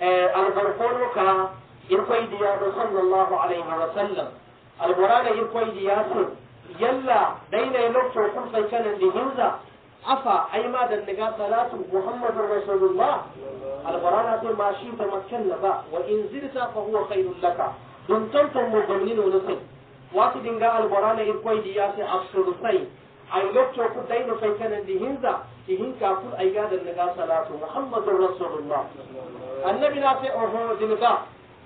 eh, albarkonu ka irkwai diya da sallallahu alaihi wa sallam alburana irkwai diya su yalla daina lokacin kun sai kanan da hinza afa ai ma da daga salatu muhammadur rasulullah alburana sai ma shi ta makkanna ba wa in zirta fa huwa khairul laka dun tantan mu gwamnino na sai wasu dinga alborana in koy diya sai asrusai ay lokto ku dai no fay kanan di hinza di hinka ku ay ga da naga salatu muhammadur rasulullah annabi na sai oho dinga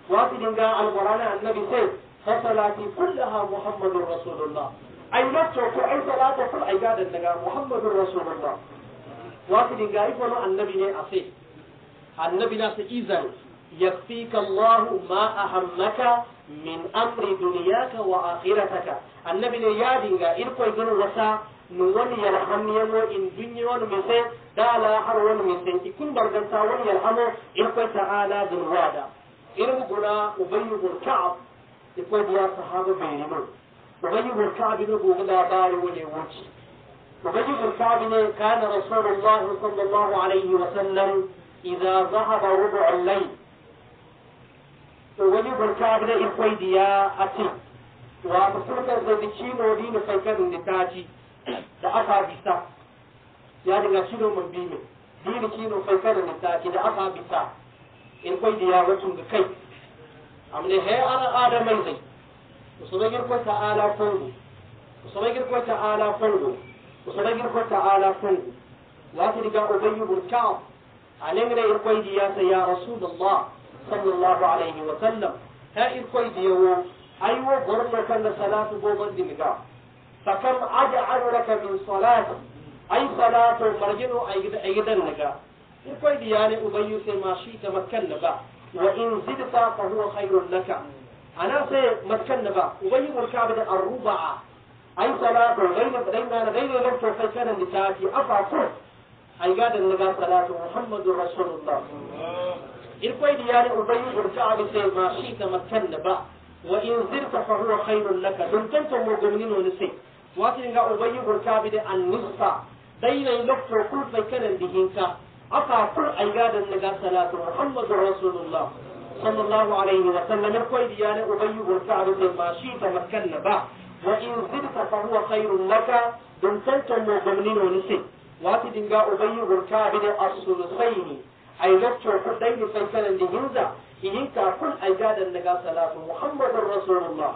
wasu dinga alborana annabi sai fa salati kullaha muhammadur rasulullah ay lokto ku ay salatu ku ay ga da naga muhammadur rasulullah wasu dinga ay kono annabi ne a sai annabi na sai izani يكفيك الله ما أهمك من أمر دنياك وآخرتك النبي نيادنغا إلقوا يقول وسا نوان يرحم يمو إن دنيا ونمسي دا لا حر ونمسي يكون برغنسا ون يرحمه إلقوا تعالى دنوادا إلقوا قنا أبيض الكعب كعب يقول يا صحابة بيهنو أبيض الكعب كعب نبو غدا باري ونوجي أبيض الكعب كان رسول الله صلى الله عليه وسلم إذا ذهب ربع الليل to woni gorcaagre ir koydiya ati wato surkan sodi cinoɗino fay kadi nde taaji da afa bisa yaadiga cino mon mbimi dini cino fay kadi nde taaki da afa bisa ir koydiya wattunga kay amne he ana adamay sey usobagir ko taala fongo usobagir ko taala fongo usobagir ko taala fongo watiriga ubayi bun kaab anengre ir koydiya sa ya rasulullah صلى الله عليه وسلم ها إخوي ديو أيوة قرن لك الصلاة بومن دمكا فكم أجعل لك من صلاة أي صلاة مرجن أيضا لك إخوي دياني أبي سماشي تمكن لك وإن زدت فهو خير لك أنا سمكن لك أبي مركابة الربع أي صلاة غير بدينا غير لك فكان نتاكي أفاكو أي قادر لك صلاة محمد رسول الله إركوي دياني أبي إركاء بسيما شيك مكان با وإن زرت فهو خير لك دمتنت مؤمنين ونسي واتن غا أبي إركاء بدي أن نصفى دين يلفتر كل فكان بهنكا أفا كل أيادا لغا صلاة محمد رسول الله صلى الله عليه وسلم إركوي دياني أبي إركاء بسيما شيك مكان با وإن زرت فهو خير لك دمتنت مؤمنين ونسي واتن غا أبي إركاء أصل الثلثين a lecture ko dai ni san sanan di hinza idin ka kun ay da daga salatu muhammadur rasulullah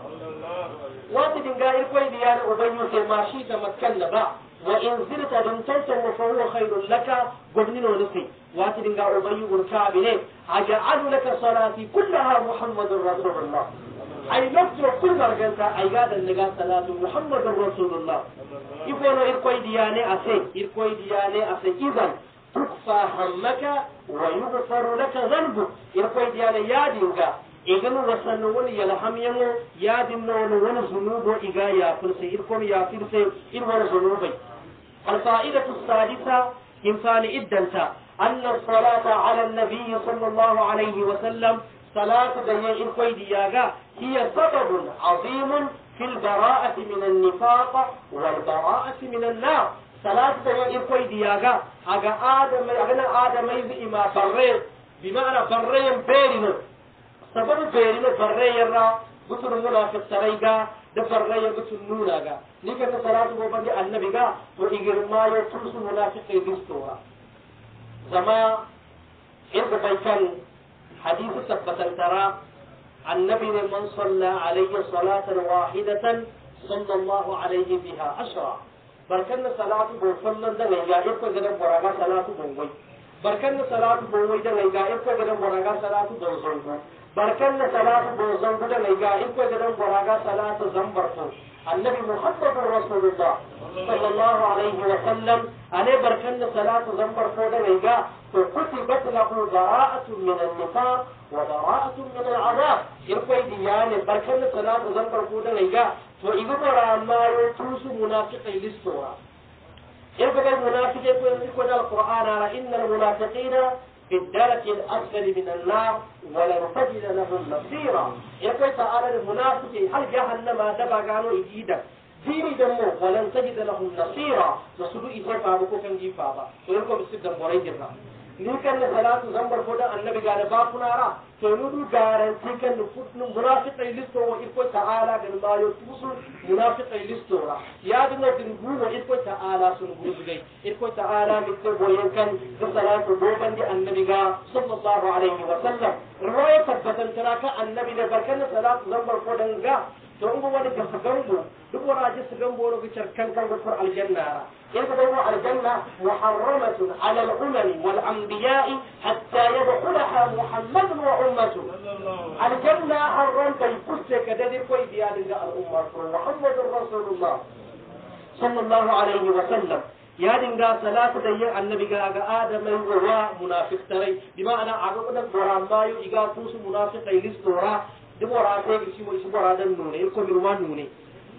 wati dinga ir koy di yana ubayyu sai ma shi da makalla ba wa in zirta dum tantan fa huwa khairul laka gudnin wa nufi wati dinga ubayyu urka bine aja'alu laka salati kullaha muhammadur rasulullah ay lecture kun marganta ay da daga salatu muhammadur rasulullah ifono ir da di yana ase ir koy ne yana ase idan تخفى همك ويغفر لك ذنبك يقول ديانا يادنك إذن وسنون يلهم يمو يادن ونون ذنوب إغا إذن إذكم يافرسي إذن ذنوبي الفائدة السادسة إنسان إدنسا أن الصلاة على النبي صلى الله عليه وسلم صلاة دنيا إخوي دياغا هي سبب عظيم في البراءة من النفاق والبراءة من النار صلاته يكوي دياغا اغا ادم اغنا ادم اي ما فرين بمعنى فرين بيرين سبب بيرين فرين را بتر نولا فتريغا ده فرين بتر نولا غا نيكا صلاته هو بدي النبي غا تو يغير ما يترس نولا في دستورا زما انت بيكن حديث سبت ترى النبي من صلى عليه صلاة واحدة صلى الله عليه بها أشرا barkanna salatu bo follan da ngai ga ko gadan boraga salatu bo wai barkanna salatu bo wai da ngai ga ko gadan boraga salatu bo zongo barkanna salatu bo zongo da ngai ga ko gadan boraga salatu zambar ko النبي محمد رسول الله صلى الله عليه وسلم أنا بركن صلاة زنبر فودا ويجا فكتبت له براءة من النفاق وبراءة من العذاب يقوي ديانة بركن صلاة زنبر فودا ويجا فإذا مرا ما يتوس منافق للسورة يقول المنافق يقول القرآن إن المنافقين في الدرك الأسفل من النار ولن تجد لهم نصيرا يقول تعالى المنافق هل جهنم دبا قالوا إجيدا دين دم ولن تجد لهم نصيرا نصدو إذا فابكو كان جيب ويقول بسيب دم ورين ninkan na salatu zambar fodan annabi ga da ra? to nudu garan tikan na fudin munafiqai listo wa iko ta'ala da bayo tusul munafiqai listo ra ya dinga dingu wa iko ta'ala sun gudu dai iko ta'ala listo boyen kan da salatu goban di annabi ga sallallahu alaihi wa sallam riwaya tabbatan tara ka annabi da barkan salatu zambar fodan ga تونغو ولا كرس جنبو دب ورا جس جنبو ولا بيشر كان كان بفر الجنة يبقى دوا الجنة محرمة على الأمم والأنبياء حتى يدخلها محمد وأمته الجنة حرمت الكسة كده دي كوي ديال الأمة محمد رسول الله صلى الله عليه وسلم yadin ga salatu da yin annabi ga ga adamin wa munafiq tarai bi ma'ana a ga kudan dora bayu iga dimora ko bi shi mo shi dan nune ko mi ma nune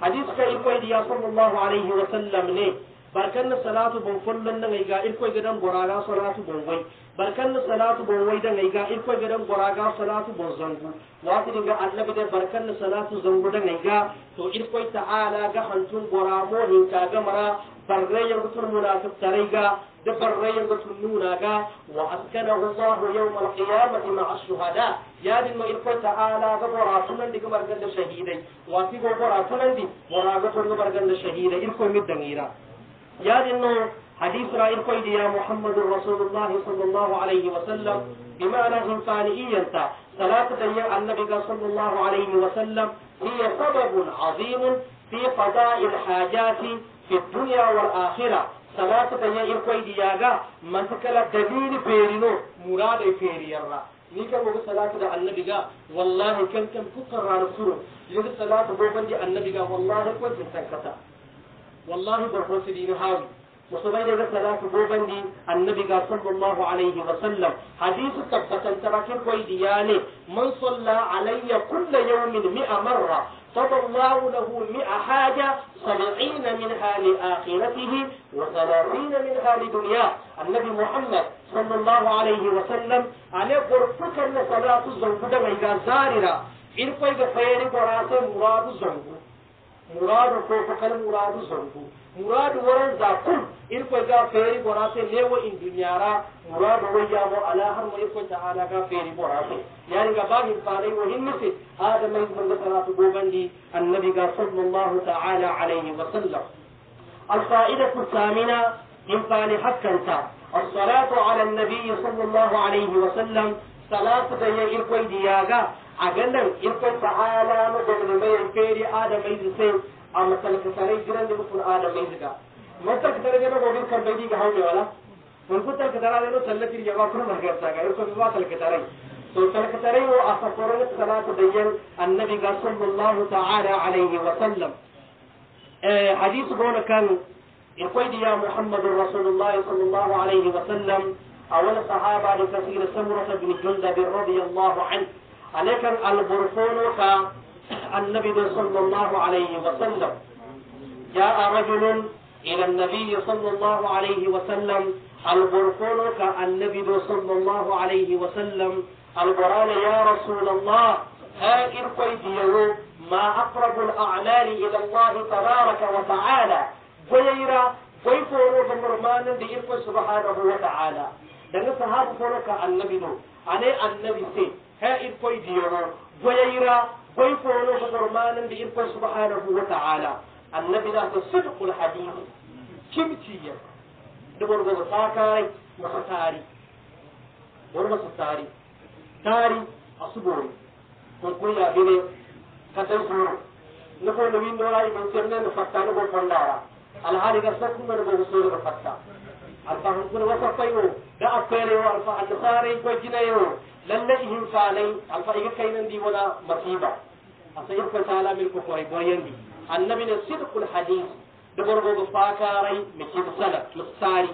hadis ka ko di ya sallallahu alaihi wa sallam ne barkan salatu bon follan nan ga iko ga dan salatu bon wai barkan salatu bon wayda ngai ga ikko gadan goraga salatu bon zangu wa ku dinga annabi da barkan salatu zangu da ngai ga to ikko ta'ala ga hantun goramo hin ka ga mara barrayar gutur munafiq tarayga da barrayar gutur nuna ga wa askanahu Allah yawm al-qiyamati ma'a ash-shuhada ya din ma ikko ta'ala ga goratunan diga barkan da shahidai wa ki go goratunan di goraga to barkan da shahidai ikko middangira ya din no حديث رأيك يا محمد رسول الله صلى الله عليه وسلم بمعنى زنطاني ينتا صلاة دنيا النبي صلى الله عليه وسلم هي سبب عظيم في قضاء الحاجات في الدنيا والآخرة صلاة دنيا يا غا من تكلا دليل بيرينو مراد فيري بيريرا نيكا وغو صلاة دا النبي والله كم كم كتر على سورو صلاة بوغن بوبندي النبي والله كم تنكتا والله برحوسي دين هاوي musulmai da za ku goban di annabi ga وسلم alaihi wa sallam hadisu tabbatan tarakin koi diyane man salla alayya kulla yawmin mi'a الله له مئة حاجة سبعين منها لآخرته وثلاثين منها لدنياه النبي محمد صلى الله عليه وسلم عليه قرفك أن صلاة الزنب دمي زارنا إن قيد خير قراصة مراد الزنب مراد فوق قلم مراد سرقو مراد ورن ذاكم إن كو جاء فيري براسة ليو إن دنيا را مراد ويامو على هر مو يكو تعالى كا فيري براسة يعني كباه الفاري وهم في آدم من ذكرة بوغن دي النبي كا صلى الله تعالى عليه وسلم الفائدة الثامنة إن فاني حقا تا الصلاة على النبي صلى الله عليه وسلم صلاة تيه إن كو a ganan yakan ta'ala na da mai feri adamai zu sai a matalkasarai jiran da kun adamai zuga matalkasarai ga gogin kan bai ga haure wala mun ku talkasarai da tallafi ya ba kun magar ta ga yakan ba talkasarai to talkasarai wa asafarin salatu da yan annabi ga sallallahu ta'ala alaihi wa sallam eh hadisi gona kan يقول يا محمد رسول الله صلى الله عليه وسلم أول صحابة لكثير سمرة بن جندب رضي الله عنه لكن البرهون النبي صلى الله عليه وسلم جاء رجل إلى النبي صلى الله عليه وسلم البرهون النبي صلى الله عليه وسلم القرآن يا رسول الله هائر قيديه ما أقرب الأعمال إلى الله تبارك وتعالى غير كيف روح مرمان لإلقى سبحانه وتعالى لأن صحابه لك النبي أنا النبي سيد هائر قيدي ويرى ويقول له رمانا بإبقى سبحانه وتعالى النبي ذا الصدق الحديث كمتيا نبور بور ساكاري وستاري بور ساكاري تاري أصبوري تنقل يا بني كتنقل نقول نبين نوراي من سرنا نفتا نبور فندارا الحالي قصدكم من نبور سورة فتا أرفعهم كل وسطيو لا أكريو أرفع الدخاري وجنيو lalle ihimsanai alfa iga di wala masiba asa irko sala min ko koye boyandi annabi ne sidqul hadis de borgogo fakaray mi sala mistari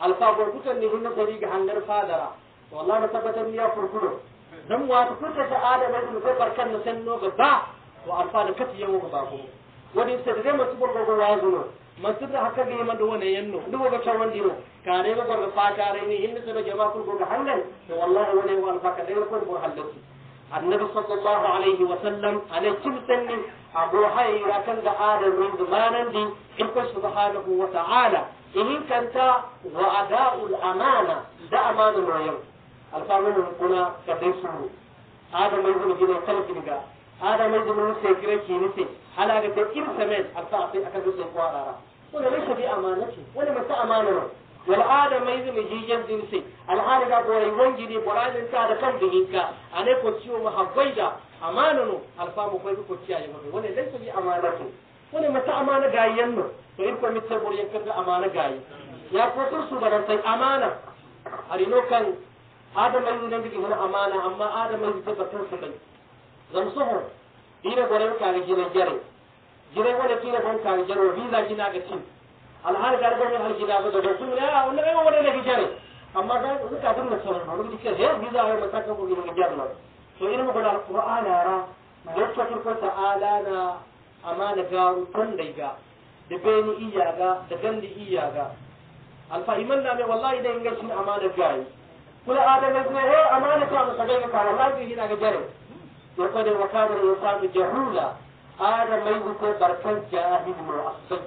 alfa hinna hinno ga hangar fadara da tabbatar ya furkudo dan wata furtata adama ne ko barkanno ga ba to alfa da haka bakomo waɗi da wani yanno duk ga hakka kare wona yenno ndugogo cawandiro kaɗego gorgo hinna hinno jama'a jama ga hangar to الله ولي والبك ليكون محلق النبي صلى الله عليه وسلم على كمتن أبو هيرة كان آل الرند ما نندي إلك سبحانه وتعالى إيه كانت وأداء الأمانة ده أمان الرئيو الفامن هنا سمو هذا ما يقول جنة تلقنقا هذا ما يقول سيكرة كينسي على قد إرسمين الفاعطي أكدو سيقوارا ولا ليس بأمانته ولا متى أمانه والعادة ما يزم دينسي جيجن دنسي العادة قابوري ونجري براد انت هذا كم بهنكا أنا كتشيو محبيدا أماننو الفامو كوي بكتشيا يمنو وانا ليس لي أمانته وانا متى أمانة غاينو فإنكو متى بوريان كتا أمانة غاي يا فكر سبران تي أمانة نو كان هذا ما يزم نبكي هنا أمانة أما هذا ما يزم تبتر سبران زمسوه دينا بوريان كاري جينا جاري جينا وانا كينا كان كاري جاري وفيزا جينا كتشيو alhali ka albarka hal ki da ko da kun ga wannan mai wannan ne kijare amma da ku ka dun mutum amma duk ce sai biza har mata ka ku ga kijare na to irin ko da alqur'ana ra yadda ko ta'ala na amana garu tan da beni iyaga da gandi iyaga alfahiman da mai wallahi da ingancin amana gayi kula ne he amana ta mu sadaka ka wallahi hina ga jare ya kwada wakadar ya samu jahula adamai ko barkan jahil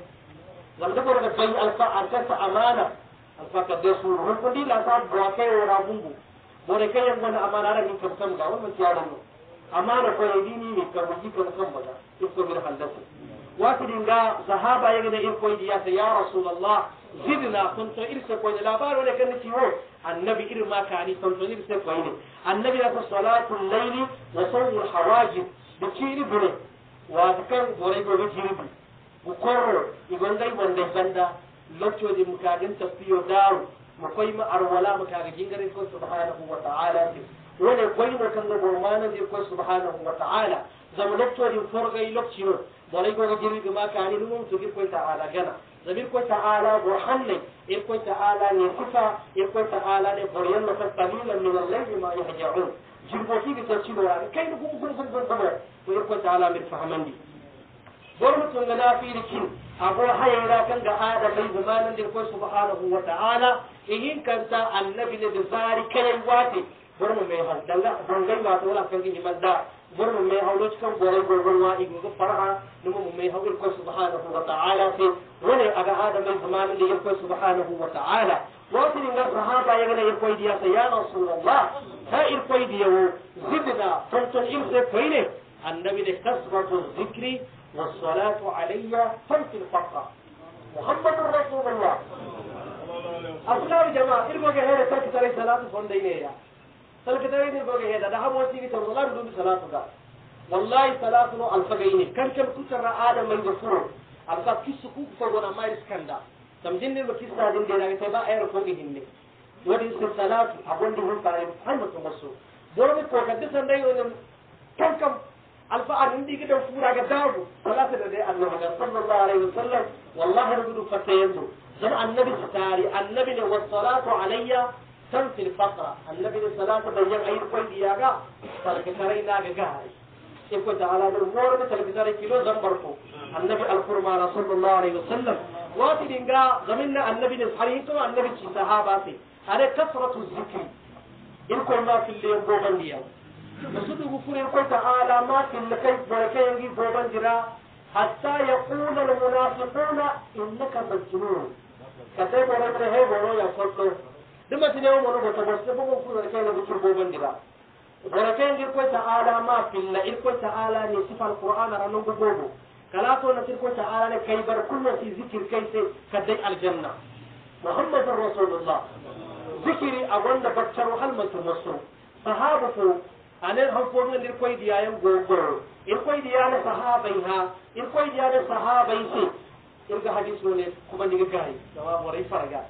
walla da fayi alfa an tasa amana alfa ka be suuru hon ko ndi lasa bowa kay wona bungu bore kay en gonda amana ara min kam kamga wonmo ciyaɗanno amana koye ndinini kam o jikkono kambaga irkomin hallako wasiɗi nga sahaba ya yegene irkoyɗi yasa ya ya rasulllah zidna kun tonto irse koyne labari one kandi ciwo annabi irin ma irma kani tonton irse koyne annabi ya yata salatu leyli wa sawmu lhawajib ɓe ciiri bune wati kan boray goɓe ciiri bi bukorro igongai bonde banda lottoje mukagen tafiyo daru ma arwala makaga jingare ko subhanahu wa ta'ala na kan kanga ma manande ko subhanahu wa ta'ala zama lottoje forgay lottiyo bolay goga jiriɓe ma kani su sugi koye ta'ala gana zabir koye ta'ala bo hannay ir koye ta'ala ne sifa ir koye ta'ala ne boryanno tan qalilan min alleyli ma yahjaun jirgotiɓe tan siloraɓe kayno da gon gon gonora ko ir koye ta'ala min fahamandi zor mutum ga lafiyar ki a go haya ra kan ga ada kai zamanin da ko subhanahu wa ta'ala in kan ta annabi ne da zari kai wate zor mu mai har dalla zor ga ma to kan ki madda zor mu mai hawo cikin gore gore ma igu ga farha mu mai hawo ko subhanahu wa ta'ala sai wani aga ada mai zamanin da ko subhanahu wa ta'ala wasu ne ga sahaba ya ga irkoi diya sai ya rasulullah ta irkoi diya wo zibna tantan irkoi ne annabi da kasbatu zikri والصلاة علي خمس الفقه محمد رسول الله أصلاً جماعة إلبوغي هيدا تلك تلك صلاة صندي نيرا تلك تلك إلبوغي هيدا ده موسيقى تنظلام بدون صلاة دا والله صلاة نو ألف كان كم كم كتر آدم من غفور أبقى كيس كوب فغونا ما يسكندا سمجنني يعني بكيسا دين دينا يتبا أير فوقي هنني ودي اسم صلاة أقول لهم فاهم حمد مصر دورمي كوكا دي صندي ونم كم كم الفا نندي كده فورا قدامه صلاة النبي النبي صلى الله عليه وسلم والله رجل فتينه جمع النبي ستاري النبي والصلاة علي تنفي الفقرة النبي الصلاة بيان أي كوي دياغا فالكتاري ناغا غاري إيكو تعالى بالمور مثل كتاري كيلو زنبركو النبي القرمان صلى الله عليه وسلم واتي دينغا زمنا النبي الحريتو النبي الصحاباتي على كثرة الذكر إنكم ما في الليل بوغن دياغا يسده يقول تعالى ما تلكي بركي بوبان جرا حتى يقول المنافقون إنك مجنون كتب ورده هي ورو يا فكر لما تنيو منو بتبسط بوبان بركين بوبان بوبان جرا بركين بركي جرا تعالى ما تلا إلكو تعالى نصف القرآن رنو بوبو كلا نصير كو تعالى كي بركنا في ذكر كيف كدي الجنة محمد رسول الله ذكري أولا بكتر وحلمة مصر صحابته anan hanko nan dir koy diya yan gogoro ir koy diya da sahabai ha ir koy diya da sahabai se irga ga hadis ne kuma ni kai dawa warai faraga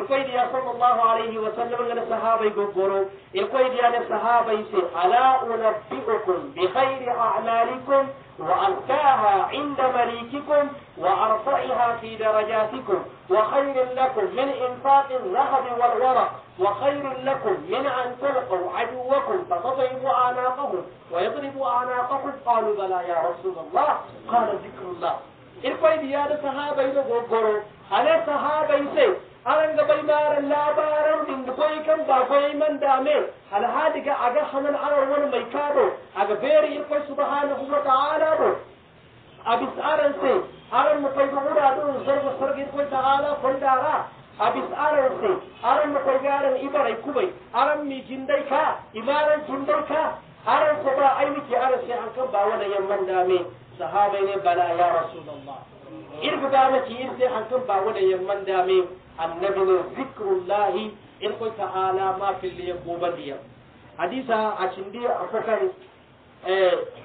ir koy diya sallallahu alaihi wa sallam ga sahabai gogoro ir koy diya da sahabai se ala unabbiukum bi khairi a'malikum وأنكاها عند مليككم وأرفعها في درجاتكم وخير لكم من إنفاق الذهب والورق وخير لكم من أن تلقوا عدوكم فتضربوا أعناقهم ويضربوا أعناقكم قالوا بلى يا رسول الله قال ذكر الله إلقوا بيا الصحابة إلى غرغره ala sahabai sai aran ga bai maran labaran din koi kan ba koi man dame hal hadiga aga hanan aran wani mai kado aga beri yako subhanahu wa ta'ala bo abis aran sai aran mu kai gura don zarba sargi ko ta'ala fandara abis aran sai aran mu kai ka imaran ka ko ba ai miki aran sai an kan ba wannan yamman dame sahabai ne bala ya rasulullah إرقى قالت إرسي باونا يمن دامي النبي ذكر الله إرقى تعالى ما في اللي يقوبا إيه، ديا حديثة عشان أفكار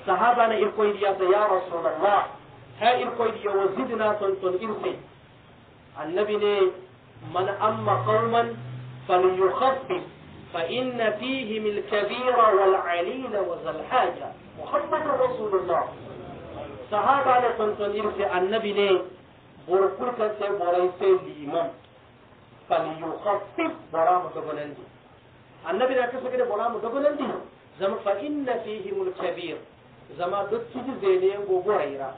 صحابنا إرقى ديا يا رسول الله ها إرقى ديا وزدنا تنتن إرسي النبي من أما قوما فليخفف فإن فيهم الكبير والعليل وذا الحاجة محمد رسول الله सहाबा ने सनसनीर से अन्नबी ने बुरकुल से बोरे से लीमन فليخفف برامه دبلندي النبي ده كسو كده برامه دبلندي زما فإن فيهم الكبير زما دوت تيجي زيني غوغوريرا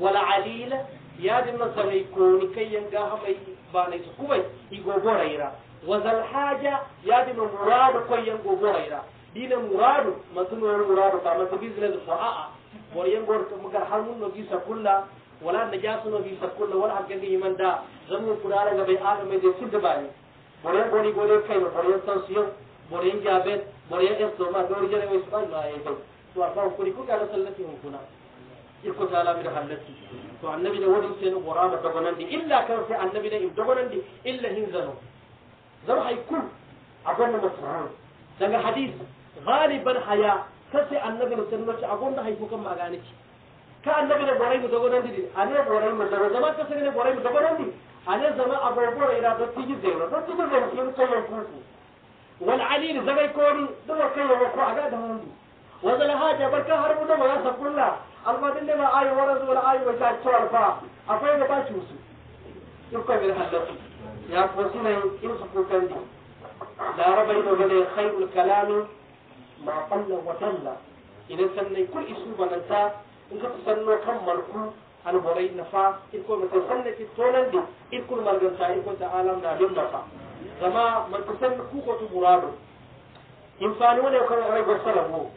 ولا عليل يا دي مثلا يكون كي ينغا همي باني سكوي يغوغوريرا وزل حاجة يا دي مراد كي ينغوغوريرا دين مراد ما تنور مراد كما تبيزل الفعاء boriye gor mugal har mun no gisa kulla wala najasu no gisa kulla wala hakke ni manda zamu kudara ga bai ala mai de fudda bai boriye gori gori kai no boriye tansiyo boriye jabe boriye estoma dor jere wai sai la ai bai to arba ko ko ga sallati hun kuna irko taala mi da halatti to annabi da wodin sai no qur'ana dogonandi illa kan sai annabi da im dogonandi illa hinzano zar hay kul aganna masran daga hadith غالبا حياء sai annabi no tan abun da haifu kan magani ci ka annabi da gore mu dogon dindi annabi gore mu dogo zama ka ne gore mu dogon dogo nandi ane zama abubuwa ira da tiji zero da tiji zero kin ko yan ku wal alil zagai kori dawa kai wa ko aga da nandi wa zal haja barka har mu da ma sabulla almadin da ba ayi waran zuwa ayi wa ta tsawar fa akwai da ba ci musu yukka bil hadatu ya ne kin su kukan di larabai da wani khairul kalamin ma falla wa talla idan sannan kul isu balanta in ka sanna kan marku an na fa iko mata sanna ki tonan di ikul marganta iko ta alam na bin nafa zama man ka sanna ku ko tu muradu in fani wani kan rai ba salamu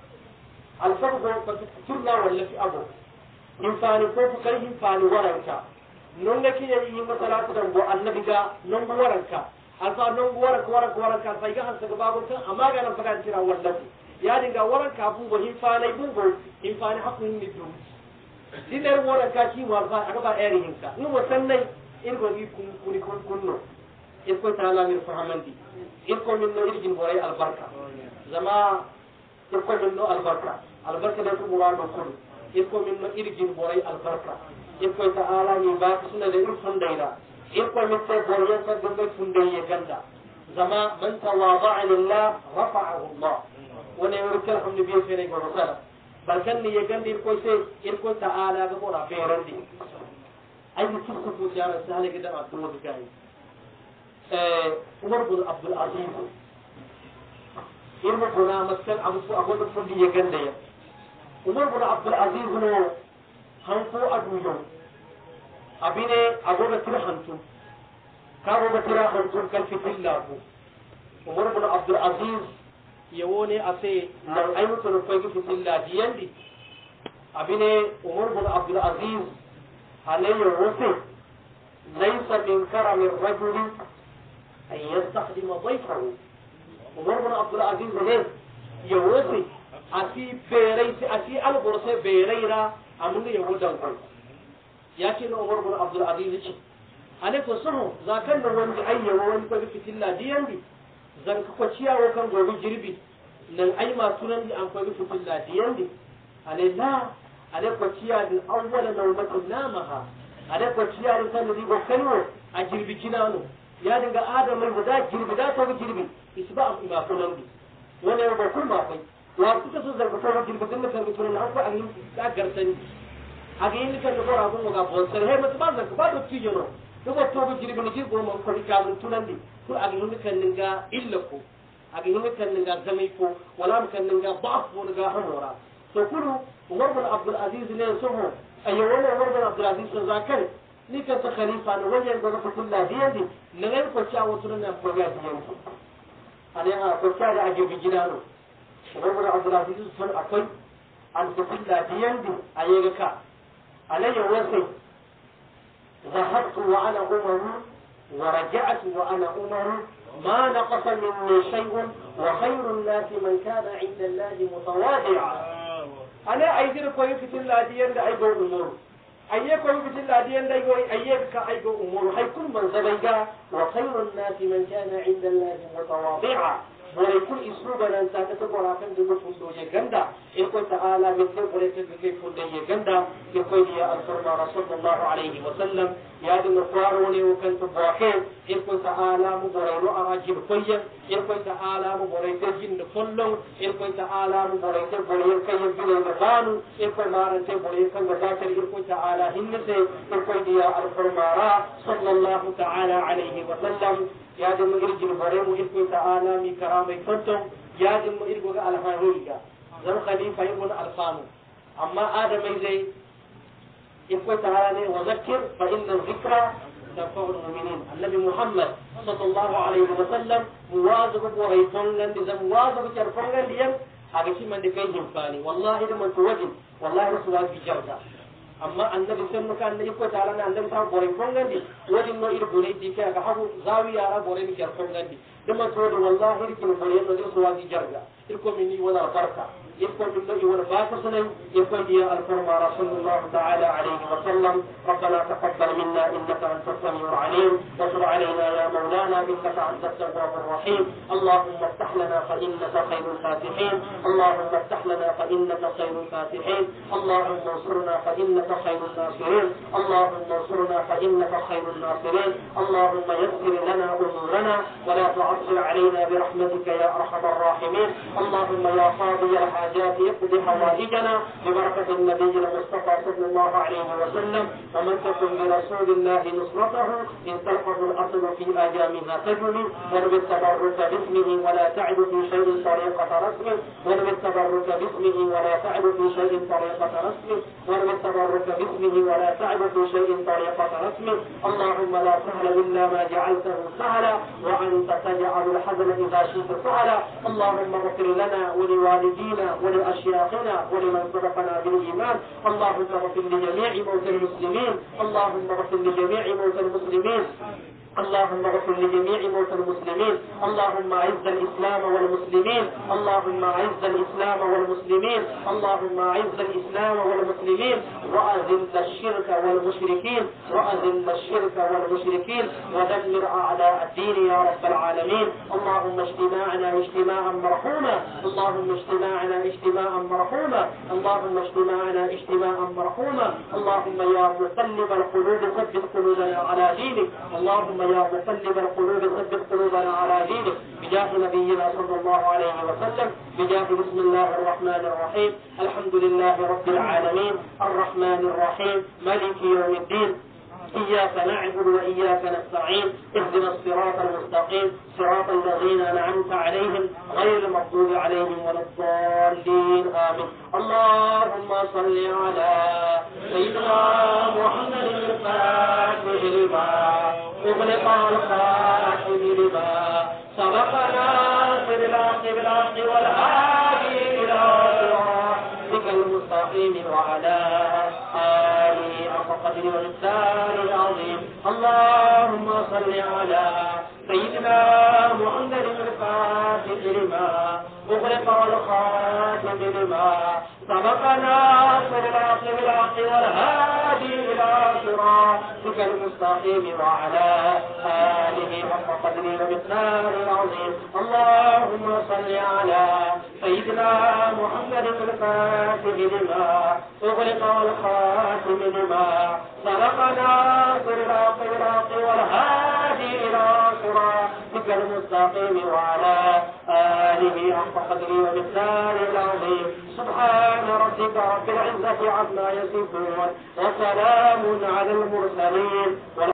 al sabu ba turna walla fi abu in fani ko ku kai in fani waranka non ga kiyaye yi masalatu da go annabi ga non waranka alfa non waranka waranka waranka sai ga hansa ga babun kan amma ga nan fakan jira wallahi ya dinga waran ka bu hin fa nay bu hin fa ni hakun ni do dinar waran ka shi wal fa aka ba eri hin ka san sannai in go yi kun kun kun kun no in ko ta la mir fahamanti in ko min no irgin boray al barka zama in ko min no al barka al barka da ko murado kun in ko min no irgin boray al barka in ko ta ala ni ba suna da irfan daira in ko min ta boray ta da kun da ya ganda zama man tawadda'a lillah rafa'ahu Allah وني وركن حمد بيه فيني بمسالة بل كان يجند الكويسي الكوي تعالى بقولا بيرندي أي تفسك وسيارة سهلة جدا عبد الله آه، بكاي عمر بن عبد العزيز إرمى قناة مثل أبو سوء أقول لك يجند عمر بن عبد العزيز هو hanfo aduyo abine agoga tira hantu ka agoga tira hantu kan fitil lafu umar bin abdul aziz يوني أسي أين تنفق في سلا ديان دي أبني عمر بن عبد العزيز عليه الرسل ليس من كرم الرجل أن يستخدم ضيفه عمر بن عبد العزيز ليس يوني أسي بيريس أسي البرسة بيريرا أمني يوجد يأتي عمر بن عبد العزيز عليكم سنو ذاكنا وانت أي يوني تنفق في سلا الله دي. zan ka ciyawa kan gobe girbi nan ai masu nan da an kwari fitin da ne alaila ala kwaciya da awwala wata namaha ala kwaciya da sanin riba kaiwo a girbi kinano ya daga adamul za girbi da ta girbi isba am ima kunan bi wani yau bakun ba kai wa kuka so zarga fara girbi din kan tunan na ko an yi ka gartani a ga yin kan da fara kun ga bonsar he mutum ba zarga ba da tijo dogo tobi jiri no jiri mo ko kabul tunandi pour agi humi nga illa ko agi humi nga zamay ko wala kan nga ba wo daga hamora to kulu warban abdul aziz ne soho ayo wala warban abdul aziz so zakare ni kan ta khalifa no wajen da fatulla ne ne ko chawo tunanda ko ga diyanku ane ha ko cha da agi bijinano warban abdul aziz sun akwai an fatulla diyandi ayega ka alayya wasai ذهبت وأنا أمم ورجعت وأنا أمم ما نقص مني شيء وخير الناس من كان عند الله متواضعا أنا أيدي كوي في تلا ديان داي أمور أي كوي في تلا ديان داي بو أي أمور هاي من زبيجا وخير الناس من كان عند الله متواضعا wani kun isu da nan sa ta tabbara kan duk mutum so ya ganda in kun ta'ala ne ko bare da ya ganda ya kai ne al-farma rasulullahi alaihi wa ya din faro ne wa kan tabbara in kun ta'ala mu bare ro a rajib koyya in kun ta'ala mu bare ta jin da kullum in kun ta'ala mu bare ta bare kai da banu in kun bare ta bare kan da ta tarin kun ta'ala hinne sai in kun ya al-farma sallallahu ta'ala yaademo irgin horemo irgoga anami karamay fotton yaademo irgoga alfaroriga zan khalifa ibun alfanu amma adamay zey ikkoy tahalane wa zakkir fa inna zikra تنفع المؤمنين النبي محمد صلى الله عليه وسلم مواظب بوهي فنغن دي زم مواظب كر فنغن دي يم حاجة من دي كيهم فاني والله إذا ما توجد والله رسول الله بجودة amma annabi semno ka annabi ko tarana annabi sun bore fongandi woni no ir bore di ke ga hagu zawi yara bore mi ker fongandi dum to wallahi ir kin bore no dir suwa wadi jarga ir ko mini wala يكون الوجه والباطل صنم يكون يا الكرمى رسول الله تعالى عليه وسلم ربنا تقبل منا انك انت السميع العليم وتب علينا يا مولانا انك انت التواب الرحيم اللهم افتح لنا فانك خير الفاتحين اللهم افتح لنا فانك خير الفاتحين اللهم انصرنا فانك خير الناصرين اللهم انصرنا فانك خير الناصرين اللهم يغفر لنا امورنا ولا تعصي علينا برحمتك يا ارحم الراحمين اللهم يا قاضي الحاجات الحاجات يقضي حوائجنا ببركة النبي المصطفى صلى الله عليه وسلم ومن تكن برسول الله نصرته إن تلقه الأصل في آجامها تجل وارب التبرك باسمه ولا تعد في شيء طريقة رسمه وارب التبرك باسمه ولا تعد في شيء طريقة رسمه وارب التبرك باسمه ولا تعد في شيء طريقة رسمه اللهم لا سهل إلا ما جعلته سهلا وأنت تجعل الحزن إذا شئت سهلا اللهم اغفر لنا ولوالدينا ولأشياخنا ولمن صدقنا بالإيمان اللهم اغفر لجميع موتى المسلمين اللهم اغفر لجميع موتى المسلمين اللهم اغفر لجميع موتى المسلمين اللهم اعز الاسلام والمسلمين اللهم اعز الاسلام والمسلمين اللهم اعز الاسلام والمسلمين واذل الشرك والمشركين واذل الشرك والمشركين ودمر اعداء الدين يا رب العالمين اللهم اجتماعنا اجتماعا مرحوما اللهم اجتماعنا اجتماعا مرحوما اللهم اجتماعنا اجتماعا مرحوما اللهم يا مقلب القلوب ثبت قلوبنا على دينك اللهم يا مقلب القلوب ثبت قلوبنا على دينك بجاه نبينا صلى الله عليه وسلم بجاه بسم الله الرحمن الرحيم الحمد لله رب العالمين الرحمن الرحيم ملك يوم الدين إياك نعبد وإياك نستعين اهدنا الصراط المستقيم صراط الذين أنعمت عليهم غير المغضوب عليهم ولا الضالين آمين اللهم صل على سيدنا محمد الفاتح لما أغلق الفاتح لما سبقنا في العقب والهادي إلى الله صراطك المستقيم وعلى آله حق قدره والإحسان العظيم اللهم صل على سيدنا محمد الفاتح لما مغلق الخاتم لما سبقنا صر العقل بالعق والهادي إلى صراطك المستقيم وعلى آله حق قدره العظيم اللهم صل على سيدنا محمد الفاتح لما مغلق الخاتم لما سبقنا صر العقل والهادي إلى صراطك الله مثل المستقيم وعلى آله وصحبه قدره العظيم سبحان ربك رب العزة عما يصفون وسلام على المرسلين